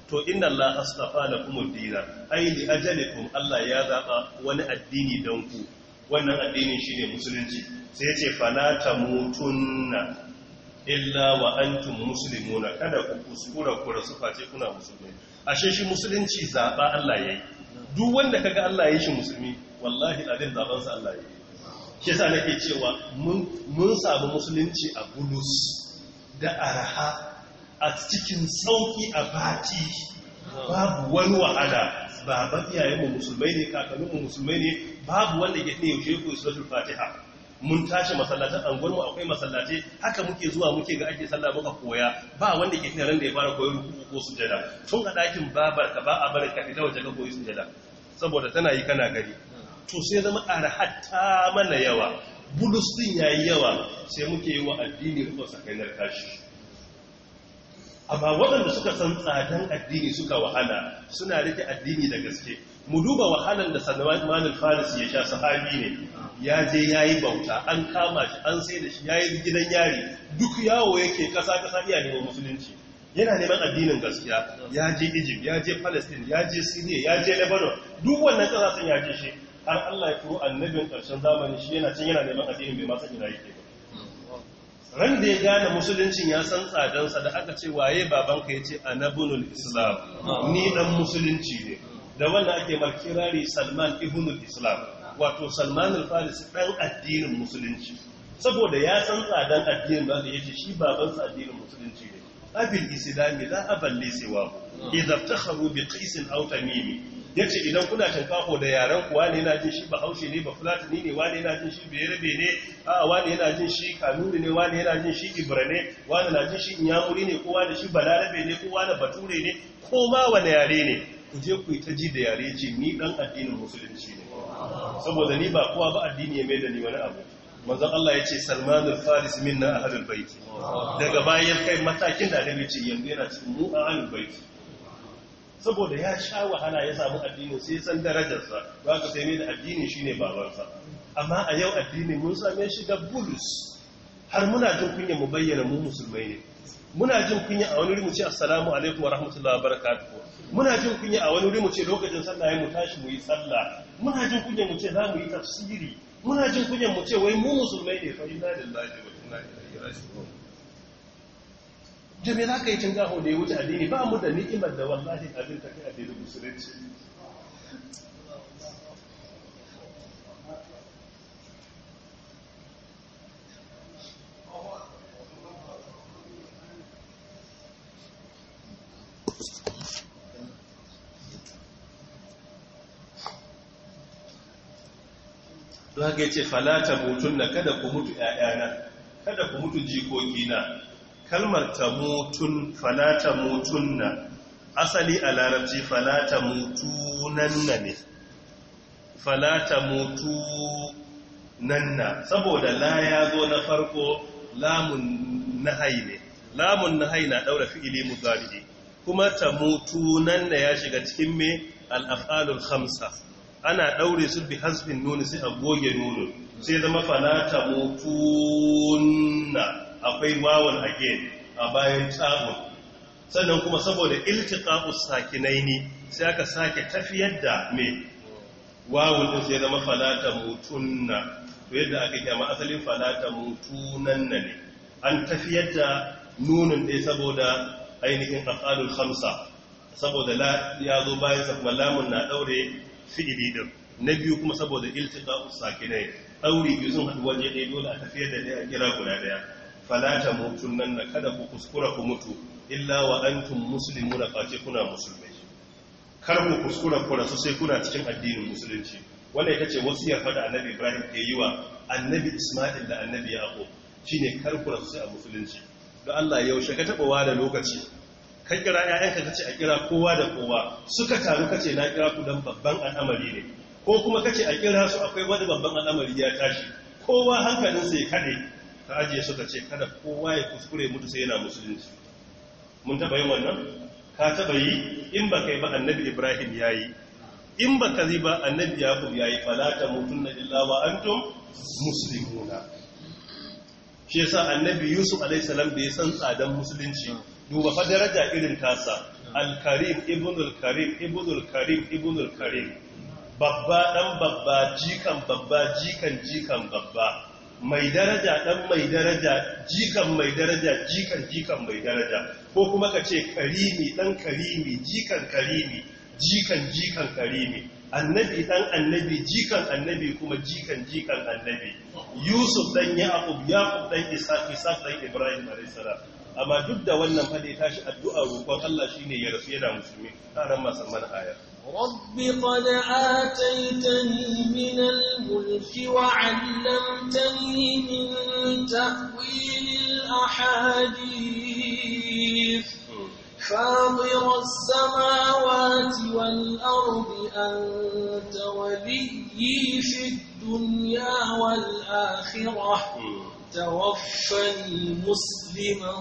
to inna Allah hastafa na kuma dina ainihin ajalikun Allah ya zaɓa wani addini don ku wannan addinin ne musulunci sai ce falata mutuna illa wa antum muslimuna kada ku kuskura ku rasu face kuna musulmi ashe shi musulunci zaba Allah yayi duk wanda kaga Allah yayi shi musulmi wallahi adin zaban sa Allah yayi shi yasa nake cewa mun mun samu musulunci a bulus da araha a cikin sauki a bati babu wani wahala baban iyayenmu musulmai ne kakanninmu musulmai ne babu wanda ke ɗaya yaushe ku suratul fatiha mun tashi masallatan anguwar mu akwai masallace haka muke zuwa muke ga ake sallah muka koya ba wanda ke tana ran da ya fara koyar ruku ko sujada tun a ɗakin babar ka ba a bari ka fita waje ka koyi sujada saboda tana yi kana gari to sai zama arhat ta mana yawa bulus din yayi yawa sai muke yi wa addini rufe sakainar kashi amma waɗanda suka san tsadan addini suka wahala suna rike addini da gaske mu duba wahalar da salman faris faris ya sha sahabi ne ya je ya yi bauta an kama shi an sai da shi Ya yi gidan yari duk yawo yake kasa kasa iya neman musulunci yana neman addinin gaskiya ya je Egypt ya je Palestine ya je Syria ya je Lebanon duk wannan kasa sun yaje shi har Allah ya turo annabin karshen zamani shi yana cin yana neman addinin bai masa san yake ba ran da ya gane musuluncin ya san tsadansa da aka ce waye babanka ya yace anabunul islam ni dan musulunci ne da wanda ake markirari salman ibnul islam wato salman al-farisi dan addinin musulunci saboda ya san tsadan addinin ba da yace shi babansa addinin musulunci ne abin islami la aban lisewa idza takharu bi qais aw tamim yace idan kuna tankako da yaran kuwa ne na jin shi ba haushi ne ba fulatani ne wani yana jin shi berebe ne a wani yana jin shi kanuri ne wani yana jin shi ibra ne wani na jin shi inyamuri ne ko da shi balarabe ne ko da bature ne ko ma wani yare ne ku je ku yi ta ji da yare ce ni dan addinin musulunci ne saboda ni ba kowa ba addini ya mai da ni wani abu manzon Allah ya ce Salman al-Faris minna ahlul bait daga bayan kai matakin da annabi ce yanzu yana cikin mu ahlul bait saboda ya sha wahala ya samu addini sai san darajarsa ba ka sai mai da addini shine babansa amma a yau addini mun same shi da bulus har muna jin kunya mu bayyana mu musulmai ne muna jin kunya a wani rubuci assalamu alaikum wa rahmatullahi wa barakatuh muna jin kunya a wani wuri mu ce lokacin sallah mu tashi mu yi sallah muna jin kunya mu ce za mu yi tafsiri muna jin kunya mu ce wai mu musulmai ne fa inna lillahi wa inna ilaihi raji'un jami za ka yi cin gaho da ya wuce addini ba mu da ni'imar da wallahi abin ta a addinin musulunci za ce falata mutun na kada ku mutu ‘ya'yana kada ku mutu jikokina kalmar ta mutun falata mutun na asali a larabci falata mutunan na ne falata nan na saboda la ya zo na farko lamun nahai ne lamun nahai na daura fi'ili mudari kuma ta nan na ya shiga cikin me al-af'alul khamsa ana ɗaure su bi hasbin nuni sai a goge nuni sai zama falata mutunna akwai wawan again a bayan tsabon sannan kuma saboda iltiqa'us sakinaini sai aka sake tafiyar da me Wawan din sai zama falata mutunna to yadda aka kyama asalin falata mutunan ne an tafiyar da nunin ɗaya saboda ainihin afalul hamsa saboda ya zo bayan kuma lamun na ɗaure fi'ili din na biyu kuma saboda iltiqa'u sakinai sauri biyu sun haɗu waje ɗaya dole a tafiyar da a kira guda ɗaya falata mutun nan na kada ku kuskura ku mutu illa wa antum muslimuna face kuna musulmai kar ku kuskura ku rasu sai kuna cikin addinin musulunci wannan ita ce wasu ya annabi ibrahim ke yi wa annabi isma'il da annabi yaqub shine kar ku rasu sai a musulunci don Allah yaushe ka taɓa da lokaci ka kira ‘ya'yanka ka ce a kira kowa da kowa suka taru ka ce na kira ku don babban al'amari ne ko kuma ka ce a kira su akwai wani babban al'amari ya tashi kowa hankalinsa ya kaɗe ka ajiye suka ce kada kowa ya kuskure mutu sai yana musulunci mun taɓa yin wannan ka taɓa yi in ba kai ba annabi ibrahim ya yi in ba ka ba annabi yakub ya yi falata mutum na illa wa antum muslimuna shi yasa annabi yusuf alaihi salam bai san tsadan musulunci duba fa daraja irin tasa al-karim ibnul karim ibnul karim ibnul karim babba dan babba jikan babba jikan jikan babba mai daraja dan mai daraja jikan mai daraja jikan jikan mai daraja ko kuma ka ce karimi dan karimi jikan karimi jikan jikan karimi annabi dan annabi jikan annabi kuma jikan jikan annabi yusuf dan yaqub yaqub dan isa isa dan ibrahim alayhi salam amma duk da wannan fade tashi addu'a roƙon Allah ne ya rasu yana musulmi karan masan mana aya rabbi qad ataitani min al-mulki wa 'allamtani min ta'wil al فاطر السماوات والأرض أنت وليي في الدنيا والآخرة توفني مسلما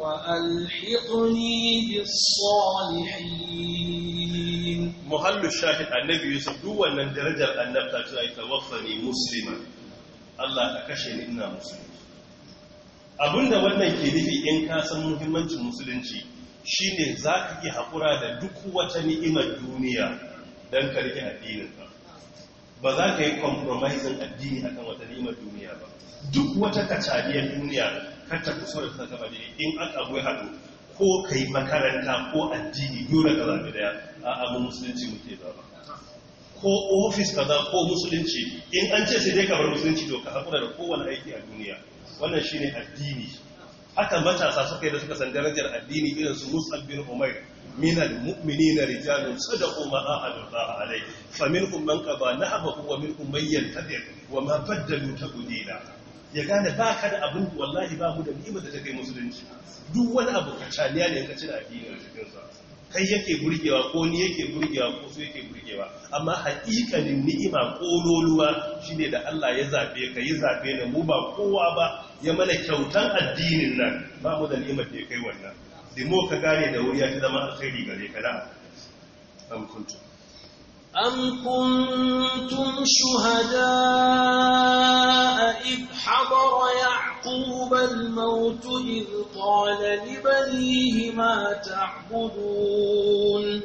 وألحقني بالصالحين محل الشاهد النبي يوسف دو أن درجة النبي توفني مسلما الله تكشن إنا مسلمين abinda wannan ke nufi in ka san muhimmancin musulunci shine za ka iya haƙura da duk wata ni'imar duniya don ka karki addininka ba za ka yi kompromisin addini akan wata ni'imar duniya ba duk wata kacariyar duniya kar kusa da ta gaba ne in aka abu ya haɗu ko yi makaranta ko addini yura ga zafi daya a abin musulunci muke zaba ko ofis kaza ko musulunci in an ce sai dai kamar musulunci to ka haƙura da kowane aiki a duniya wannan shine addini haka matasa suka yi da suka san darajar addini irin su musab bin umar, min al na rijalun sadaqu ma ahadullah alayhi ka ba na nahbahu wa minhum man yantadi wa ma ya gane ba ka da abin da wallahi ba mu da ni'imar da ta kai musulunci duk wani abu ka caniya ne ka ci da addini a cikin sa kai yake burgewa ko ni yake burgewa ko su yake burgewa amma haƙiƙanin ni'ima kololuwa shine da Allah ya zabe ka yi zabe na mu ba kowa ba ya mana kyautan addinin nan ba mu da ni'imar da ya kai wannan dimo ka gane da wuri ya zama alkhairi gare ka da an أم كنتم شهداء إذ حضر يعقوب الموت إذ قال لبنيه ما تعبدون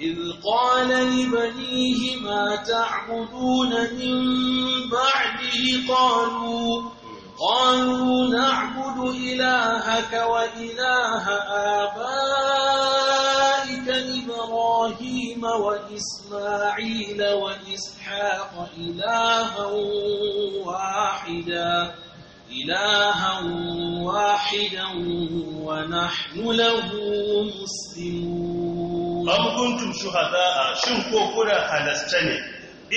إذ قال لبنيه ما تعبدون من بعده قالوا قالوا نعبد إلهك وإله آبائك إبراهيم وإسماعيل وإسحاق إلها واحدا إلها واحدا ونحن له مسلمون أم كنتم شهداء شنكو كنا حلستني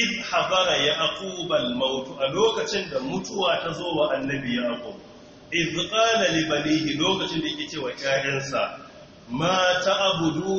إذ حضر يعقوب الموت ألوكا تند متوى تزوى النبي يعقوب إذ قال لبنيه لوكا تند إتوى كائنسا ma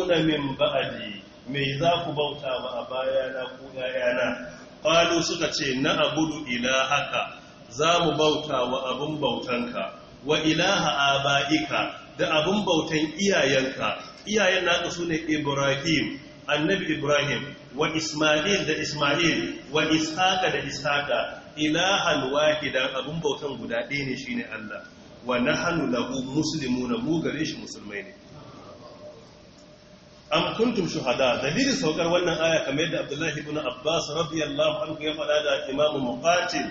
na min ba'adi mai za ku bauta ba a bayana ku yayana ƙwalo suka ce na abudu haka za mu bauta wa abun bautanka wa ilaha abaika da abin bautan iyayenka iyayen naka ne ibrahim annabi ibrahim wa isma'il da isma'il wa ishaqa da ishaqa ilahan wahidan abin bautan guda ɗaya ne shine Allah wa nahnu lahu muslimuna mu gare shi musulmai ne am kuntum shuhada dalilin saukar wannan aya kamar yadda abdullahi ibn abbas radiyallahu anhu ya faɗa da imam muqatil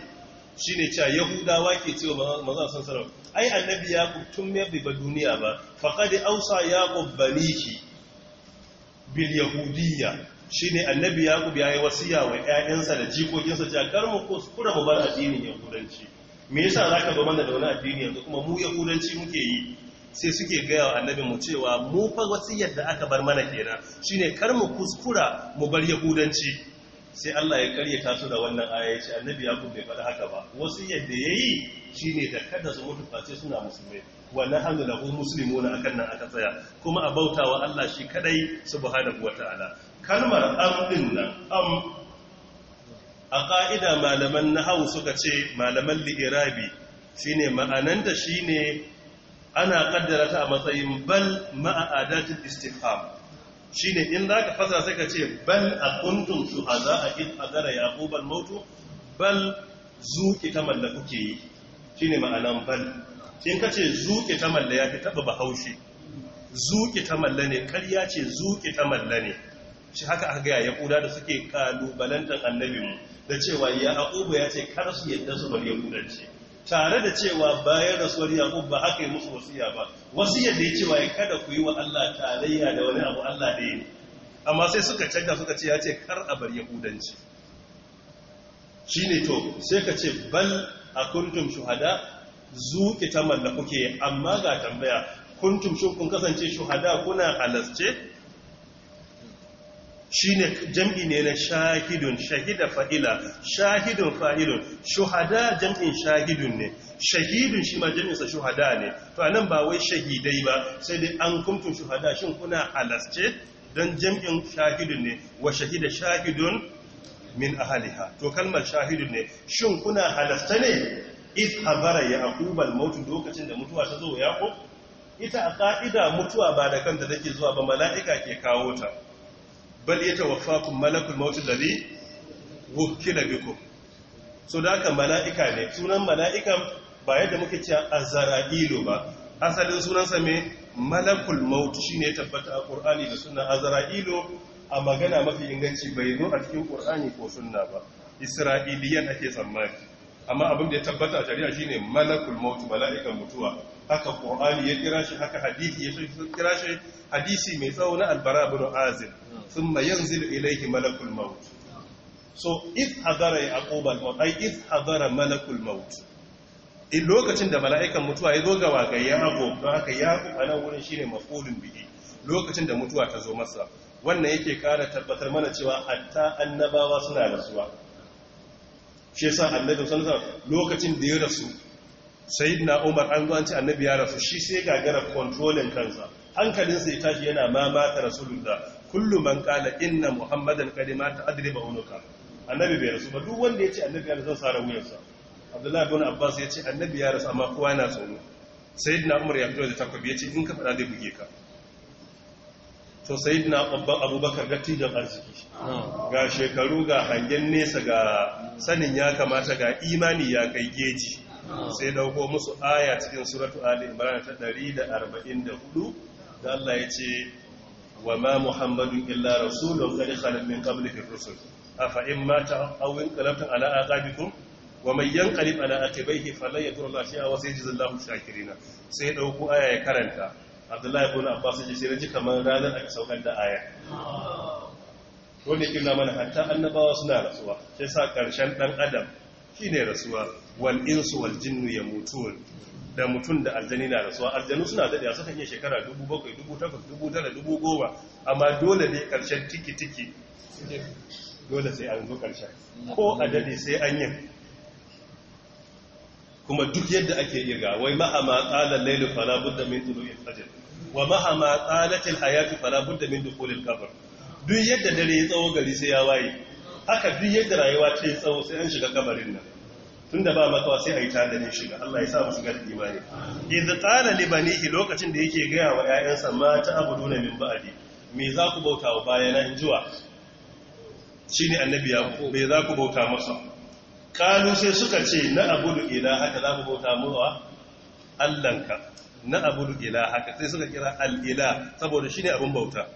shine cewa yahudawa ke cewa maza san sarau ai annabi ya tun mai ba duniya ba faqad ausa yaqub banihi bil yahudiyya shine annabi yaqub yayi wasiya wa ƴaƴansa da jikokinsa cewa kar mu kuskura mu bar addinin yahudanci me yasa zaka zo mana da wani addini yanzu kuma mu yahudanci muke yi sai suke gaya wa annabi mu cewa mu fa wasu yadda aka bar mana kenan shine kar mu kuskura mu bar yahudanci sai Allah ya karye tasu da wannan aya ya ce annabi ya bai faɗa haka ba wasu yadda yayi shine da kada su mutu face suna musulmai wa nahnu lahu wani akan nan aka tsaya kuma a bautawa Allah shi kadai subhanahu ta'ala. kalmar am din nan am a ƙa'ida malaman suka ce malaman li'irabi shine ma'ananta shi ana kaddara ta a matsayin bal ma'a adatul istifham shine in za ka fasa sai ka ce bal kuntun shuhada a za a gara ya yaqubal mautu bal zuƙi ta malla kuke yi Shi ne ma'anan bal in ka ce zuƙi ta malla ya fi taba bahaushe Zuƙi ta malla ne karya ce zuƙi ta malla ne shi haka aka gaya ya kuda da suke kalubalantar annabinmu da cewa ya aqubu ya ce kar su yadda su bar yahudanci tare da cewa bayan rasuwar yaƙub ba haka yi musu wasiya ba wasu yadda ya cewa ya kada ku yi wa Allah tarayya da wani abu Allah da yi amma sai suka canza suka ce ya ce kar a bar yahudanci Shi ne to sai ka ce bal kuntum shuhada zuki ta mallakuke amma ga tambaya kuntum shin kun kasance shuhada kuna halasce shine jam'i ne na shahidun shahida fa'ila shahidun fa'ilun shuhada jam'in shahidun ne shahidun shi ma jam'insa shuhada ne to anan ba wai shahidai ba sai dai an kumtun shuhada shin kuna halasce don jam'in shahidun ne wa shahida shahidun min ahaliha to kalmar shahidun ne shin kuna halasta ne a habara ya akubal mautu lokacin da mutuwa ta zo ya ita a ka'ida mutuwa ba da kanta take zuwa ba mala'ika ke kawo ta bal kun malakul da alladhi wukila biku so da haka mala'ika ne sunan mala'ika ba yadda muke cewa Zara'ilo ba asalin sunansa me malakul shi ne tabbata a qur'ani da suna zara’ilo a magana mafi inganci bai zo a cikin ƙur'ani ko suna ba isra'iliyan ake tsammani amma abin da ya tabbata a shari'a ne malakul mautu mala'ikan mutuwa haka ƙurani ya kira shi haka Hadithi ya kira shi hadisi mai tsawo na albara bin azib sun ma yanzu ilaihi malakul maut so if hadara ya akobar ma ai if hadara malakul maut in lokacin da mala'ikan mutuwa ya zo ga wagayya agob don haka ya ana wurin shi ne maqulun bihi lokacin da mutuwa ta zo masa wannan yake kara tabbatar mana cewa hatta annabawa suna rasuwa shi yasa annabi sallallahu lokacin da ya rasu sayyidina umar an zo an ce annabi ya rasu shi sai gara controlling kansa hankalinsa ya tashi yana ma mata rasulullah kullu man qala inna muhammadan qad ta adriba unuka annabi bai rasu ba duk wanda ya ce annabi ya rasu sara wuyarsa abdullahi ibn abbas ya ce annabi ya rasu amma kowa yana tsoro sayyidina umar ya fito da takobi ya ce in ka fada zai buge ka to sayyidina abubakar tijan arziki ga shekaru ga hangen nesa ga sanin ya kamata ga imani ya kai geji sai dauko musu aya cikin suratu ali imran ta 144 da Allah ya ce wa ma muhammadun illa rasulun kari khalid min fi rusul afa in mata aw in qalabtum ala aqabikum wa man yanqalib ala aqibaihi falan yadur Allah shay'a wa sayajizallahu shakirina sai ɗauko aya ya karanta Abdullahi kuna Abbas ya sai ji kamar ranar aka saukar da aya Ko ne kin mana hatta annabawa suna rasuwa sai sa karshen ɗan adam ne rasuwa wal insu wal jinnu mutu da mutum da aljani na rasuwa aljanu suna daɗe sukan iya shekara 7,000,000,000 amma dole ne ƙarshen tiki-tiki dole sai an zo ƙarshen ko a daɗe sai an yi kuma duk yadda ake irga wai ma'ama tsalar lailu fara da min tulu fajar wa ma'ama tsalatil hayatu fara da min dukulil kafar. duk yadda dare ya tsawo gari sai ya waye haka bi yadda rayuwa ce tsawo sai an shiga kabarin nan tun da ba makawa sai a yi ta ne shiga Allah ya sa mu shiga da imani idza qala li banihi lokacin da yake gaya wa 'ya'yansa ma ta abuduna min ba'di me za ku bauta wa bayana injuwa shine annabi ya ku me za ku bauta masa kalu sai suka ce na abudu ila haka za mu bauta muwa Allahnka na abudu ila haka sai suka kira al-ila saboda shine abun bauta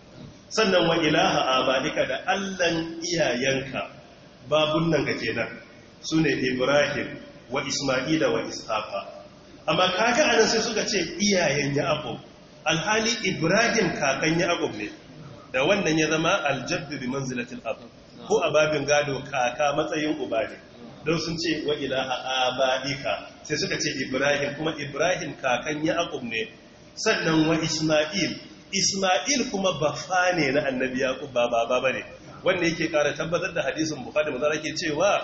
sannan wa ilaha abadika da allan iyayenka nan ka kenan su ne ibrahim wa isma'ila wa ishaqa amma kaga anan sai suka ce iyayen yaqub alhali ibrahim kakan yaqub ne da wannan ya zama aljaddu bi manzilatil abu ko a babin gado kaka matsayin uba ne don sun ce wa ilaha abadika sai suka ce ibrahim kuma ibrahim kakan yaqub ne sannan wa isma'il Ismail kuma bafa ne na annabi Yaqub ba baba ne wanda yake kara tabbatar da hadisin Bukhari maza ke cewa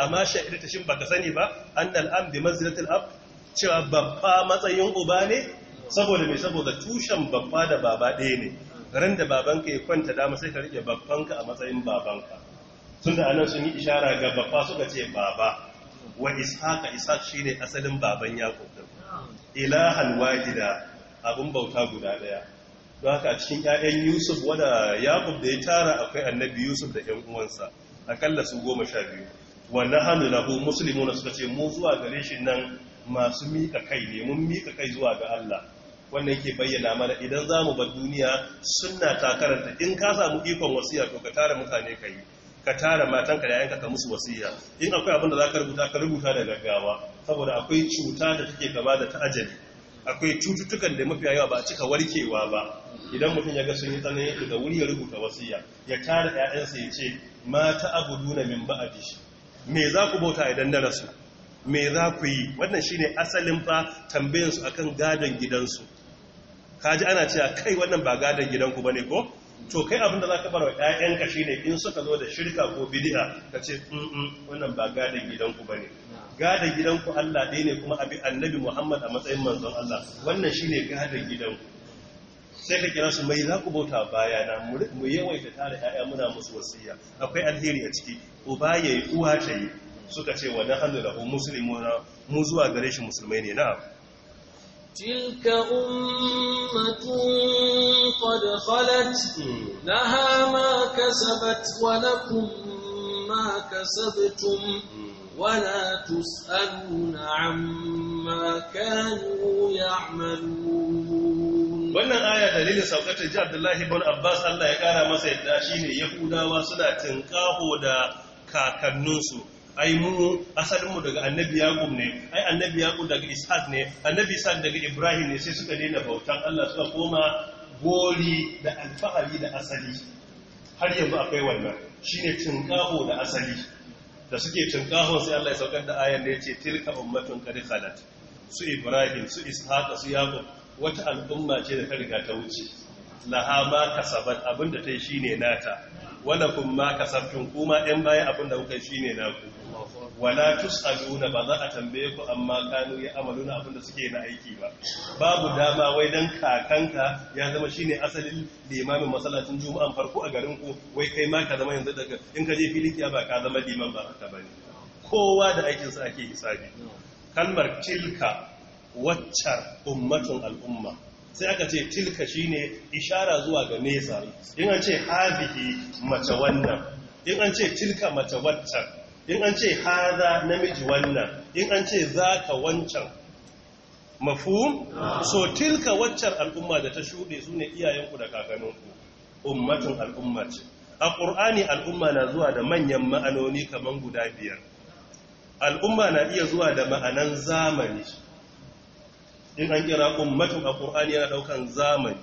amma sha'ir ta shin baka sani ba annal am bi manzilatil ab cewa babba matsayin uba ne saboda me saboda tushen babba da baba ɗaya ne ran da babanka ya kwanta dama sai ka rike babbanka a matsayin babanka tunda anan sun yi ishara ga babba suka ce baba wa ishaqa ishaq shine asalin baban yaqub ilahan wahida abin bauta guda ɗaya. don haka a cikin 'ya'yan yusuf wada yakub da ya tara akwai annabi yusuf da 'yan uwansa akalla su goma sha biyu wannan hannu na lahu musulmi suka ce mu zuwa gare shi nan masu miƙa kai ne mun miƙa kai zuwa ga allah wannan ke bayyana mana idan za mu bar duniya suna ta karanta in ka samu ikon wasiya to ka tara mutane ka yi ka tara matanka da yanka ka musu wasiya in akwai abin da za ka rubuta ka rubuta da gaggawa saboda akwai cuta da take gaba da ta ajali akwai cututtukan da mafi yawa ba a cika warkewa ba idan mutum ya ga sun yi tsanani daga wuri ya rubuta wasiya ya tara ƴaƴansa ya ce mata abuduna min ba'di me za ku bauta idan na rasu me za ku yi wannan shine asalin fa tambayin su akan gadon gidansu kaji ana cewa kai wannan ba gadon gidanku ne ko to kai abinda za ka barwa ‘ya'yanka shi ne in suka zo da shirka ko bidi'a ka ce mm, mm, wannan ba gadon gidanku ba ne gadon gidanku Allah ɗaya ne kuma abin annabi Muhammad a matsayin manzon Allah wannan shi ne gadon gidanku sai ka kira su mai za ku bauta baya na mu yawaita tare ‘ya'ya muna musu wasiya akwai alheri a ciki uba ya yi uwa ta yi suka ce wa na hannu da musulmi mu zuwa gare shi musulmai ne na'am تلك أمة قد خلت لها ما كسبت ولكم ما كسبتم ولا تسألون عما كانوا يعملون wannan aya dalilin saukatar jihar Abdullahi ibn Abbas Allah ya kara masa yadda shine Yahudawa suna tinkaho da kakanninsu ai mu asalinmu daga annabi yaqub ne ai annabi yaqub daga ishaq ne annabi ishaq daga ibrahim ne sai suka daina bautan Allah suka koma goli da alfahari da asali har yanzu akwai wannan shine tinkaho da asali da suke tinkahon sai Allah ya saukar da ayan da yace tilka ummatun qad khalat su ibrahim su ishaq su yaqub wata al'umma ce da ta riga ta wuce laha ma kasabat abinda ta yi shine nata walakum ma kasabtum kuma ɗan baya abin da kuka shi ne naku wala tus'aluna ba za a tambaye ku amma kanu ya na abin da suke na aiki ba babu dama wai dan kakanka ya zama shine asalin limamin masallacin juma'an farko a garin ku wai kai ma ka zama yanzu daga in ka je filin ya ba ka zama liman ba ka bane kowa da aikin sa ake hisabi kalmar tilka waccar ummatun al'umma sai aka ce tilka shi ne ishara zuwa ga nesa in an ce hadhihi mace wannan in an ce tilka mace waccan in an ce hadha namiji wannan in an ce za ka wancan Mafu, ah. so tilka waccan al'umma da ta shuɗe sune iyayenku da kakaninku. Ummatin al'umma ce a ƙur'ani al'umma na zuwa da manyan ma'anoni kamar guda biyar al'umma na iya zuwa da ma'anan zamani in an kira ummatun a ƙur'ani yana ɗaukan zamani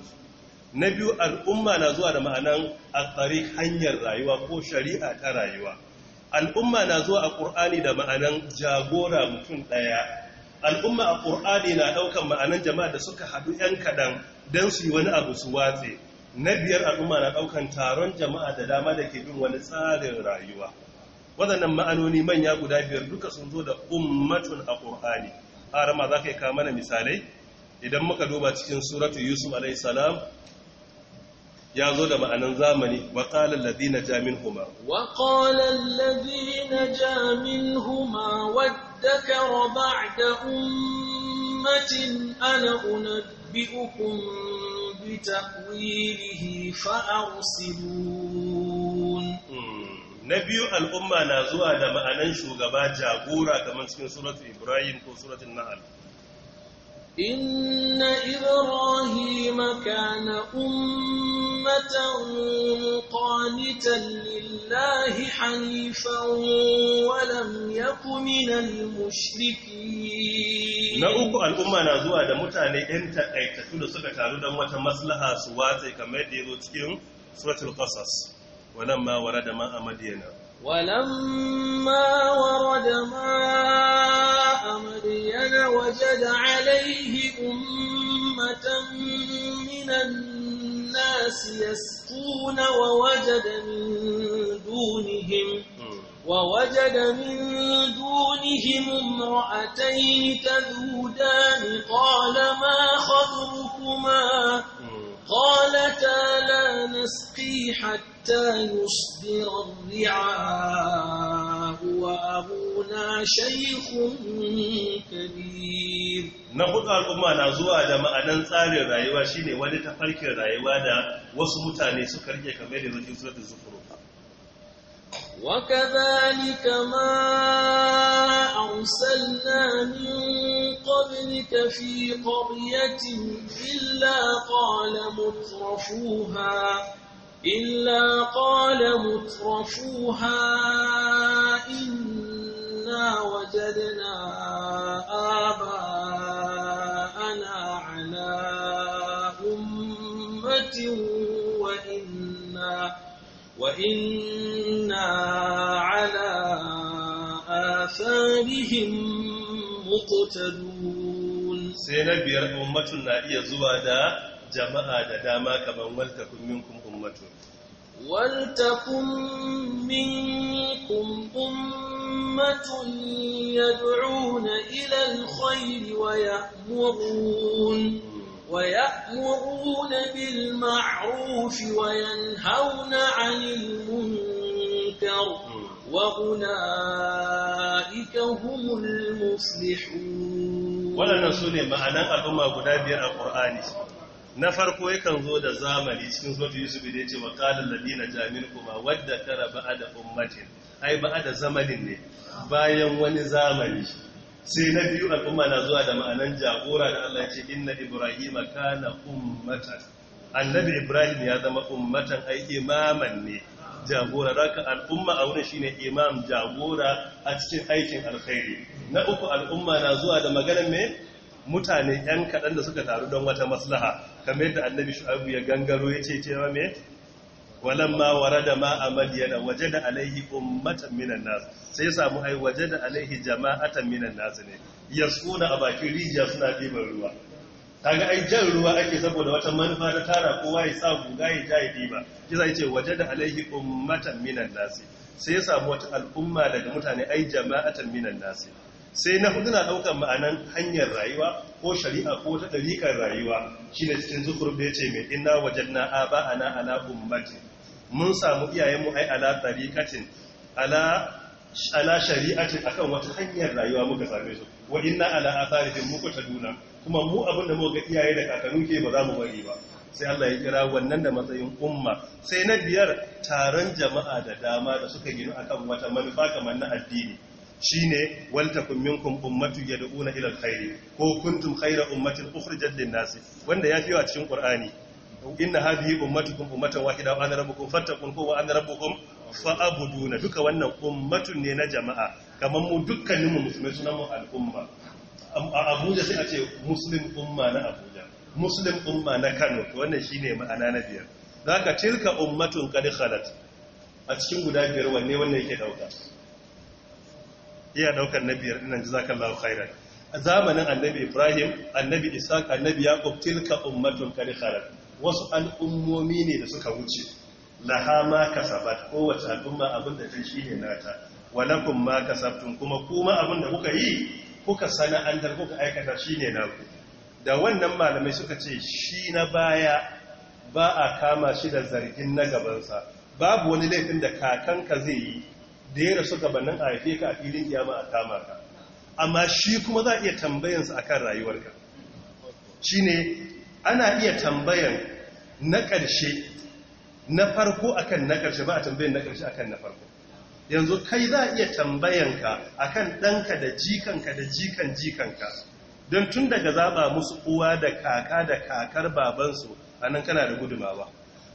na biyu al'umma na zuwa da ma'anan a hanyar rayuwa ko shari'a ta rayuwa al'umma na zuwa a ƙur'ani da ma'anan jagora mutum ɗaya al'umma a ƙur'ani na ɗaukan ma'anan jama'a da suka haɗu ‘yan kaɗan don su yi wani abu su watse na biyar al'umma na daukan taron jama'a da dama da ke bin wani tsarin rayuwa waɗannan ma'anoni manya guda biyar duka sun zo da ummatun a ƙur'ani ma za ka yi kama na misalai idan muka duba cikin suratu yusuf a.s. ya zo da ma'anan zamani wa ƙalar ladina jamin huma wa ƙalar ladina jamin huma wadda raba da ummatin ana unabbi'ukum bi fa'a usirun hmm. na biyu al'umma na zuwa da ma'anan shugaba jagora kamar cikin suratu ibrahim ko suratun na'al inna ibrahima kana ummatan qanitan lillahi hanifan wa lam yakun minal mushrikeen na uku al'umma na zuwa da mutane ɗan taƙaitatu da suka taru don wata maslaha su watsa kamar da ya cikin suratul qasas ولما ورد ماء مدين ولما ورد ماء مدين وجد عليه أمة من الناس يسقون ووجد من دونهم ووجد من دونهم امرأتين تذودان قال ما خطبكما قالتا لا نسقي حتى يصدر الرعاء وأبونا شيخ كبير na hudu al'umma na zuwa da ma'anan tsarin rayuwa shine wani tafarkin rayuwa da wasu mutane suka riƙe rike kamar da zai suratul وكذلك ما أرسلنا من قبلك في قرية إلا قال مترفوها إلا قال مترفوها إنا وجدنا آباءنا على أمة وإنا على آثارهم مقتدون سينا بير أمتنا إيا زوادا جماعة داما كما ولتكن منكم أمة ولتكن منكم أمة يدعون إلى الخير ويأمرون ويأمرون بالمعروف وينهون عن المنكر وأولئك هم المفلحون ولن نسوني معنى أبما قدابي القرآن na farko yakan zo da zamani cikin zoji yusuf da ya ce wa kalin ladina jamin kuma wadda kara ba'a da ummatin ai ba'a da zamanin ne bayan wani zamani sai na biyu al'umma na zuwa da ma'anan jagora da Allah ce inna ibrahima kana ummatan annabi ibrahim ya zama ummatan ai imaman ne jagora raka al'umma a wurin shine imam jagora a cikin aikin alkhairi na uku al'umma na zuwa da maganar me mutane yan kaɗan da suka taru don wata maslaha kamar yadda annabi shu'abu ya gangaro ya ce cewa me walamma warada ma'a madiyana da alaihi ummatan minan nasu, sai samu ai da alaihi jama'atan minan nasu ne yasuna a bakin rijiya suna ɗiban ruwa kaga ai jan ruwa ake saboda wata manufa ta tara kowa ya sa guga ya ja ya ɗiba kisa waje da alaihi ummatan minan nasu. sai samu wata al'umma daga mutane ai jama'atan minan nasu. sai na hudu na daukan ma'anan hanyar rayuwa ko shari'a ko ta dariƙar rayuwa shine cikin zukur da yace mai inna wajadna aba'ana ala ummati mun samu iyayenmu ai ala tariqatin ala ala shari'atin akan wata hanyar rayuwa muka same su wa inna ala atharihim taduna kuma mu abinda muka ga iyaye da kakanni ke ba za mu bari ba sai Allah ya kira wannan da matsayin umma sai na biyar taron jama'a da dama da suka gina akan wata manufa kamar na addini shine takum minkum ummatu yad'una ila alkhairi ko kuntum khayra ummatin ukhrijat lin-nas wanda ya fiwa cikin Qur'ani inna hadhihi ummatukum ummatan wahida wa ana rabbukum fattaqun wa ana rabbukum fa'buduna duka wannan ummatun ne na jama'a kaman mu dukkanin mu musulmai sunan mu al'umma a Abuja sai a ce muslim umma na Abuja muslim umma na Kano to wannan shine ma'ana na biyar zaka tilka ummatun qad khalat a cikin guda biyar wanne wannan yake dauka iya daukar na biyar dinan jazakallahu khairan zamanin annabi Ibrahim annabi Isa annabi Yaqub tilka ummatun qad khalat wasu al'ummomi ne da suka wuce lahama ma kasabat kowace al'umma abin ta shi ne nata walakun ma kasabtun kuma kuma abinda kuka yi kuka sana'antar kuka aikata shi ne naku da wannan malamai suka ce shi na baya ba a kama shi da zargin na gabansa babu wani laifin da kakanka zai yi da ya rasu gabanin a haife ka a filin kiyama a kama ka amma shi kuma za a iya tambayansa akan rayuwarka shi ana iya tambayan na ƙarshe na farko akan na ƙarshe ba a tambayan na ƙarshe akan na farko yanzu kai za a iya tambayanka akan ɗanka da jikanka da jikan jikanka don tun daga zaɓa musu uwa da kaka da kakar babansu a nan kana da gudumawa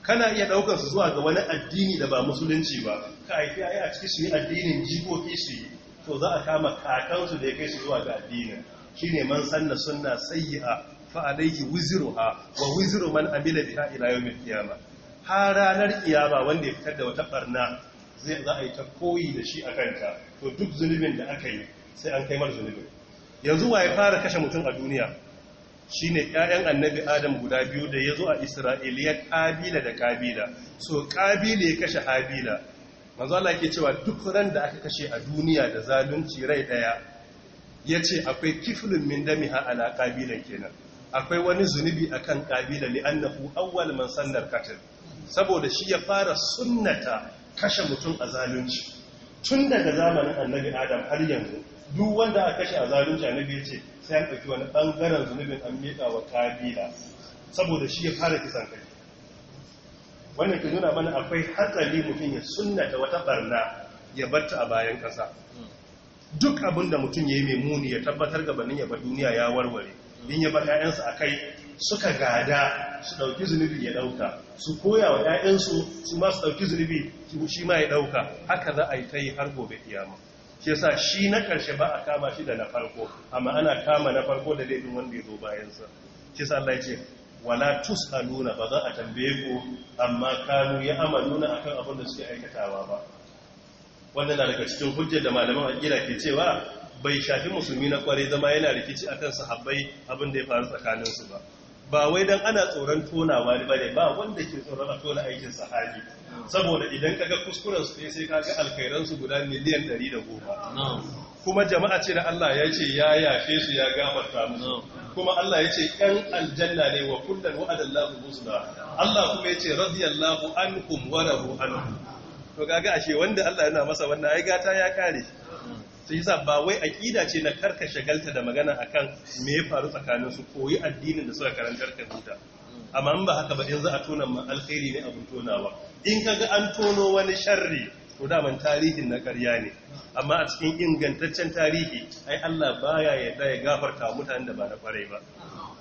kana iya ɗaukar zuwa ga wani addini da ba musulunci ba ka haifi ayi a ciki shi addinin jikoki su yi to za a kama kakansu da ya kai su zuwa ga addinin shine man sanna sunna sayyi'a fa wuziru ha wa wuziru man amila biya ila mai kiyama ha ranar kiyama wanda ya fitar da wata barna zai za a yi ta koyi da shi a kanta to duk zunubin da aka yi sai an kai mar zunubin yanzu wa ya fara kashe mutum a duniya Shi ne 'ya'yan annabi adam guda biyu da ya zo a isra'iliyat kabila da kabila so kabila ya kashe habila manzo Allah cewa duk ran da aka kashe a duniya da zalunci rai ya yace akwai kifilin min damiha ala kabilan kenan akwai wani zunubi a ne an nafi awwal man sannar katil saboda shi ya fara sunnata kashe mutum a zalunci tun daga zamanin annabi adam har yanzu duk wanda a kashe a zalunci annabi ya ce sai an ɗauki wani ɓangaren zunubin an miƙa wa ƙabila saboda shi ya fara kisan kai wannan ke nuna mana akwai hatsari mutum ya sunnata wata barna ya barta a bayan ƙasa duk abin da mutum ya yi mai muni ya tabbatar gabanin ya bar duniya ya warware din ya ba a kai, suka gada su ɗauki zunubi ya ɗauka su koya wa ‘ya'yansu su ma su ɗauki zunubi shi ma ya ɗauka haka za a yi ta yi har gobe kiyama shi yasa shi na ƙarshe ba a kama shi da na farko amma ana kama na farko da laifin wanda ya zo bayansa shi yasa Allah ya ce wala nuna, ba za a tambaye ku amma kanu ya ama amaluna akan abin da suke aikatawa ba wannan na daga cikin hujjar da malaman akida ke cewa bai shafi musulmi na kware zama yana rikici akan sahabbai abin da ya faru tsakaninsu ba ba wai dan ana tsoron tonawa ne bane ba wanda ke tsoron a tona aikin sahabi saboda idan kaga kuskuren su sai kaga alkhairan su guda miliyan 110 kuma jama'a ce da Allah ya ce ya yafe su ya gafarta musu kuma Allah ya ce ƴan aljanna ne wa kullun wa'adallahu husna Allah kuma ya ce radiyallahu ankum wa rahu to kaga ashe wanda Allah yana masa wannan ai gata ya kare sai yasa ba wai aqida ce na karka shagalta da magana akan me ya faru tsakanin su koyi addinin da suka karantar ka huta amma ba haka ba yanzu a tona ma alkhairi ne abun tonawa in ka ga an tono wani sharri to daman tarihin na karya ne amma a cikin ingantaccen tarihi ai Allah baya yarda ya gafarta mutanen da ba na kwarai ba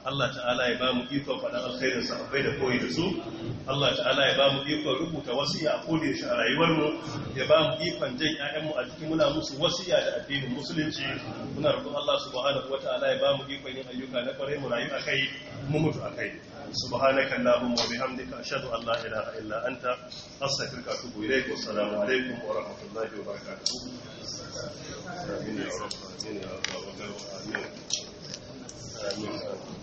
Allah ta'ala ya ba mu ikon faɗin alkhairin sahabbai da koyi da su Allah ta'ala ya ba mu ikon rubuta wasiya a kodin shi a rayuwarmu ya ba mu ikon jan ƴaƴanmu a cikin muna musu wasiya da addinin musulunci muna roƙon Allah subhanahu wata'ala ya ba mu ikon yin ayyuka na kwarai mu rayu kai, mu mutu a akai subhanaka allahumma wa bihamdika ashhadu an la ilaha illa anta astaghfiruka wa atubu ilayk wa assalamu alaikum wa rahmatullahi wa barakatuh آمين يا رب آمين يا رب